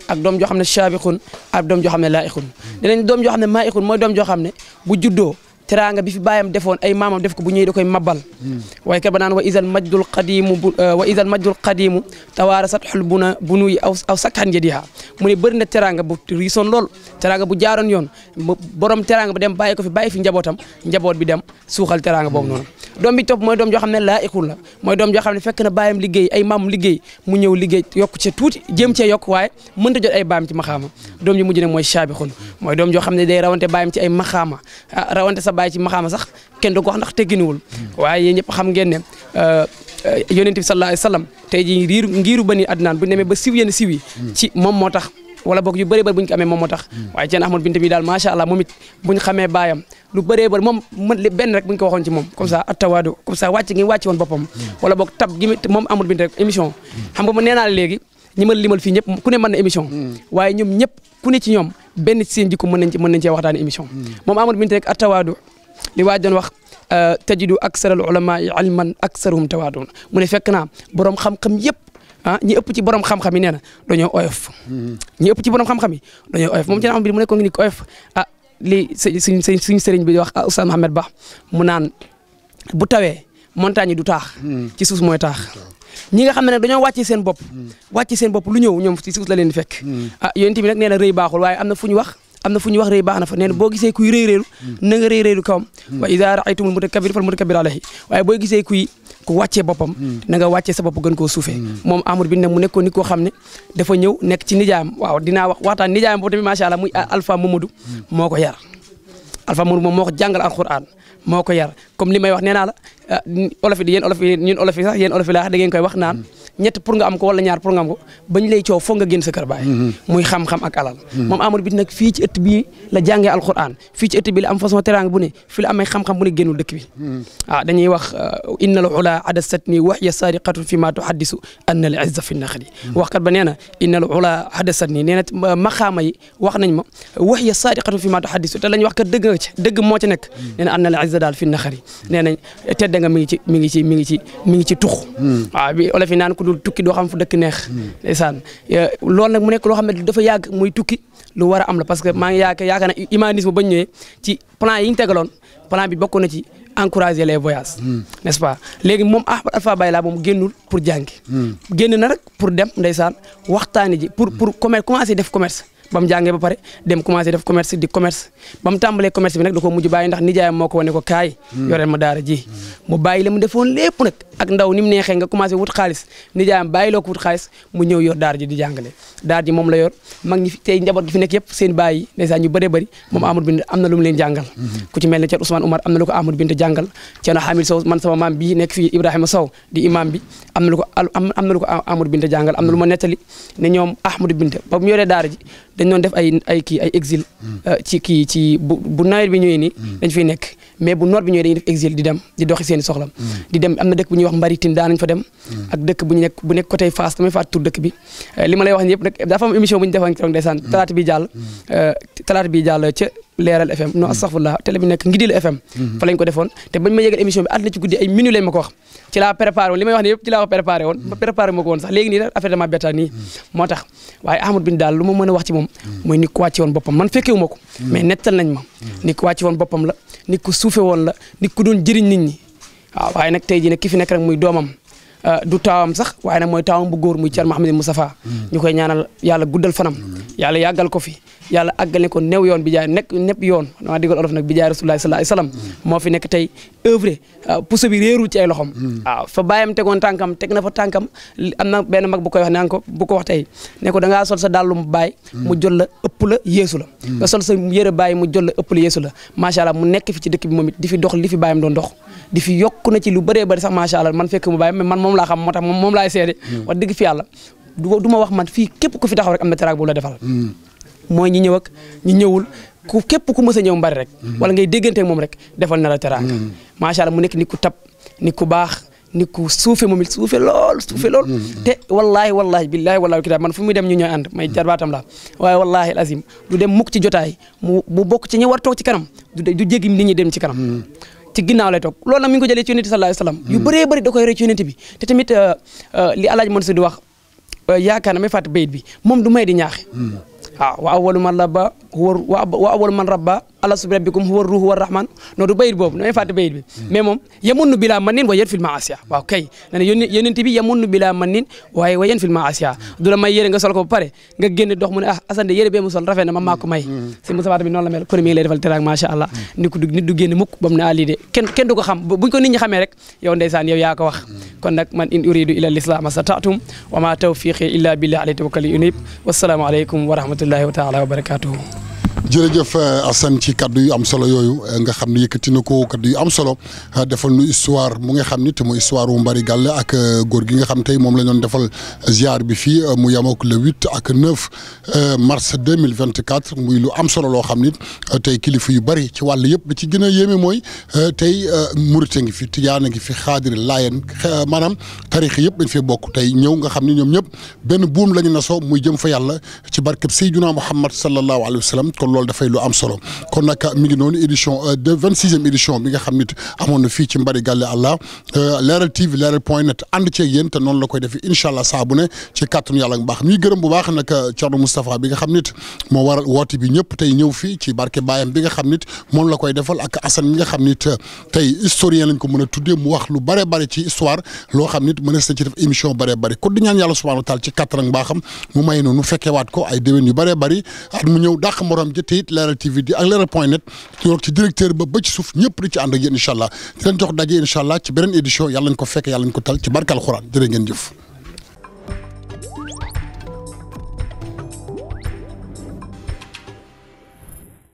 ak doom joo xam ne saabixun ak doom joo xam ne laaixun dinañ doom joo xam ne maaixun mooy doom joo xam ne bu juddoo teraanga bi fi baayam defoon ay maamam def ko bu ñëwee da koy mabbal hmm. waaye kat ba naan wa isal majdul qadimu euh, wa isal majdul qadimu tawaarasat xulbuna bunuyi aw aw sakkan jadiha mu ne bëri na teraanga bu riisoon lool teraanga bu jaaroon yoon boroom teraanga bu dem bàyyi ko fi bàyyi fi njabootam njaboot bi dem suuxal teraanga boobu noonu hmm. doom bi topp mooy doom joo xam ne laa iqul la mooy doom joo xam ne fekk na baayam liggéey ay maamam liggéey mu ñëw liggéey yokk ca tuuti jéem cee yokk waaye mënta jot ay baayam ci maxaama doom ji mujj ne mooy saabixun mooy doom joo xam ne day rawante baayam ci ay maxaama ah, rawante sa bàyyi ci maxaama sax kenn du ko wax ndax tegginuwul waaye yéen ñëpp xam ngeen ne euh, yonent bi sallallahu alayhi wa sallam bani adnaan bu demee ba siw yenn siw yi ci moom moo tax wala boog yu bëree bëri bu ñu amee moom moo tax waaye Thierno Ahmadou Binta bi daal macha allah moom it bu ñu xamee baayam lu bëree bëri moom benn rek bu ñu ko waxoon ci moom comme ça attawaado comme ça wàcc ngi wàcc woon boppam wala boog tab gi moom Ahmadou Binta rek émission xam nga ma nee naa léegi ñi benn ci seen mën nañ ci mën nañ cee waxtaane émission hmm. moom Amadou Binta rek attawaadu li waaj doon wax euh, tajidu aksaral ulama ilman aksaruhum tawaaduun mu ne fekk naa borom xam-xam yëpp ah ñi ëpp ci borom xam-xam yi nee na dañoo oyof hmm. ñi ëpp ci borom xam-xam yi dañoo oyof moom ci na am bi mu ne ngi ni ko oyof ah lii suñ suñ sëriñ bi di wax ah, Oustaz Mohamed Ba mu naan bu tawee montagne du taax hmm. ci suuf mooy taax ñi nga xam ne nag dañoo wàcc seen bopp hmm. wàcc seen bopp lu ñëw ñoom ci suuf la leen di fekk hmm. ah yonent bi nag nee na rëy baaxul waaye am na fu ñu wax am na fu ñu wax rëy baax na fa nee boo gisee kuy rëy réeru hmm. na nga rëy réeru kawam wa iza ra'aytumul boo gisee kuy ku wàccee boppam na nga wàccee sa bopp gën koo suufee moom bi ne mu nekkoon nit koo xam ne dafa ñëw nekk ci nijaayam waaw dinaa wax waxtaan nijaayam boobu tamit macha allah muy alpha mamadou moo ko yar Alpha Mamour moom moo ko jàngal alquran moo ko yar comme li may wax nee naa la ah, olofi yi yéen olof yi ñun olof yi sax yéen olof yi laa da koy wax naan mm. ñett pour nga am ko wala ñaar pour nga am ko bañ lay coow foog nga génn sa kër baay mm-hmm. muy xam-xam ak alal mm-hmm. moom Amadou Bit nag fii ëtt bii la jàngee alquran fii ci ëtt bi la am façon teraanga bu ne fii la xam-xam bu ne dëkk bi mm-hmm. ah dañuy wax uh, innal ula adasatni waxya sadiqatun fi ma tuhaddisu anna al ba nee na innal ula adasatni nee na uh, maxaama yi wax nañ ma waxya sadiqatun fi ma tuhaddisu te lañ wax kat dëgg nga ci dëgg moo ci nekk nee na anna al izza daal fi nee nañ tedda nga mi ngi ci mi ngi ci mi ngi ci mi ngi ci tux waaw ah, bi ku dul tukki doo xam fu dëkk neex hmm. ndeysaan loolu nag mu nekk loo xam ne dafa yàgg tukki lu war a am la parce que maa ngi yaakaar yaakaar na humanisme ci plan yi plan bi bokk na ci encourager les voyages hmm. n'est-ce léegi moom Ahmed Alpha Bayla moom pour jàngi hmm. génn na rek pour dem ndeysaan waxtaani ji pour pour def commerce ba mu jàngee ba pare dem commencé def commerce di commerce ba mu tàmbalee commerce bi nag da ko mujj bàyyi ndax nijaayam moo ko wane ko kaay hmm. yoreel ma daara ji mu bàyyi la mu defoon lépp nag ak ndaw ni mu neexee nga commencé wut xaalis nijaayam bàyyi loo ko wut xaalis mu ñëw yor daara ji di jàngale daara ji moom la yor mag ñi fi tey njaboot gi fi nekk yëpp seen bàyyi ndeysaan ñu bëree bëri moom Amadou Binta am na lu mu leen jàngal hmm. ku ci mel ne Thierno Ousmane Oumar am na lu ko Amadou Binta jàngal Thierno Hamid Sow man sama maam bi nekk fii Ibrahima Sow di imam bi am na lu ko am na lu ko Amadou Binta jàngal am na lu ma nettali ne ñoom Ahmadou Binta ba mu yoree daara ji dañ doon def ay ay kii ay exil. Hmm. Euh, ci kii ci bu bu nawet bi ñëwee nii. Hmm. dañ fi nekk mais bu noor bi ñëwee dañuy def exil di dem di dox seen soxla hmm. di dem am na dëkk bu ñuy wax Mbaritin daan nañ fa dem. ak dëkk bu ñu nekk bu nekk côté Fass damay faat tur dëkk bi euh, li ma lay wax nii yëpp nag dafa am émission bu ñu defoon keroog ndeysaan talaata bi jàll. Euh, talaata bi jàll ca. leeral FM non mm. astaghfirullah télé bi nekk Ngidil FM. Mm-hmm. fa lañ ko defoon te bañ ma yëgal émission bi ànd na ci guddi ay minutes lañ ma ko wax. ci laa préparé woon li may wax nii yëpp ci laa ko préparé woon. ba préparé sax léegi nii nag affaire dama bett nii. Mm-hmm. moo tax waaye Ahmad Bine daal lu ma mën a wax ci moom. Mm-hmm. mooy nit ku wàcce woon boppam man fekke ma ko. mais nettal nañ ma. nit ku wàcce woon boppam la nit ku suufe woon la nit ku doon jëriñ nit ñi waaw waaye nag tey jii nag ki fi nekk rek muy doomam Euh, du taawam sax waaye na mooy taawam bu góor mu muy mu Mouhamadou Moustapha mm. ñu koy ñaanal yàlla guddal fanam yàlla yàggal ko fi yàlla àggal ne new yoon bi jaay nekk népp yoon dama digal olof nag bi jaay rasulullah sallallahu alayhi wasallam mm. moo fi nekk tey œuvre euh, bi réeru ci ay loxom mm. waaw fa tegoon tànkam teg na fa tànkam am na benn mag bu koy wax naan bu ko wax tey ne ko sol sa dàllu mu baay mu jot la ëpp la yeesu la nga sol sa yëre baay mu jot la ëpp la la macha allah mu nekk fi ci dëkk bi moom it di fi dox li fi bàyyam doon dox di fi yokk na ci lu bëree bëri sax macha allah man fekk mu bàyyi mais man moom laa xam moo tax moom laay seede hmm. wax dëgg fi du ma wax man fii képp ku fi taxaw rek am na teraanga bu la defal hmm. mooy ñi ñëw ak ñi ñëwul ku képp ku mës a ñëw mbari rek hmm. wala ngay dégganteeg moom rek defal na la teraanga macha allah mu nekk nit ku tab nit ku baax nit ku suufe moom it suufe lool suufe lool te wallaahi wallaahi billaahi wallaahi man fu muy dem ñu ñooy ànd may jarbaatam laa waaye wallaahi azim du dem mukk ci jotaay mu mu bokk ci ñi war toog ci kanam du jéggi nit ñi dem ci kanam ci ginnaaw lay toog loolu nag mi ngi ko jëlee ci yonent bi yu hmm. baree bëri da koy rey ci bi te tamit euh, euh, li alaaji Mansour di wax euh, yaakaar na may fàtte bayit bi moom du may di ñaax waaw hmm. ah, wa awwalu man rabba wa awwalu man rabba allah subi rabbikum huwa ruhu wa rahman non du bayit boobu damay fàtte bayit bi mais moom yamunnu bila manin wa yan fil maasiya waaw du la may yére nga sol ba pare nga génn dox mu ne ah asande yére bee mu sol rafet na ma maa ko may mm. si Moussa tamit noonu la mel kon mi ngi lay defal teraang allah mm. nit du génn mukk ba mu ah, lii de kenn du ko xam buñ ko nit xamee rek yow ndeysaan yow yaa wax mm. kon nag man in uridu illa billah alayhi wa jërëjëf euh, Assane ci kaddu yu am solo yooyu euh, nga xam ne yëkkati na ko kaddu yu am solo euh, defal nu histoire mu nga xam ni te mu histoire wu Mbari Galle ak góor gi nga xam tey moom la ñu defal ziar bi fii mu yemook le huit ak neuf mars deux mille vingt quatre muy lu am solo loo xam ni tey kilifa yu bari ci wàll yëpp li ci gën a yéeme mooy tey murite ngi fi tijaana ngi fi xaadir laayen maanaam tarix yëpp dañ fee bokk tey ñëw nga xam ni ñoom ñëpp benn buum la ñu nasoo muy jëm fa yàlla ci barkeb Seydina Muhammad sallallahu alayhi wa sallam kon loolu dafay lu am solo kon nag mi ngi noonu édition euh, de vingt sixième édition bi nga xam nit amoon na fii ci Mbari Galle Allah euh, Leral TV Leral point net ànd ceeg yéen te noonu la koy defee incha allah saa bu ne ci kàttanu yàlla bu fii ci barke baayam bi nga xam nit la koy defal ak Assane xam nit euh, tey historien lañ ko mën a tuddee mu wax lu bare bare ci loo xam nit mënees na ci def émission bare bare kon di ñaan yàlla baaxam mu may noonu fekkewaat ko ay déwén yu bare bari at mu ñëw dàq morom ji bëgg te it leeral TV di ak leeral point net ci directeur ba ba ci suuf ñëpp di ci ànd ak yéen incha allah jox daje incha ci beneen édition yàlla ko fekk yàlla ñu ko tal ci barkal xuraan jërë ngeen jëf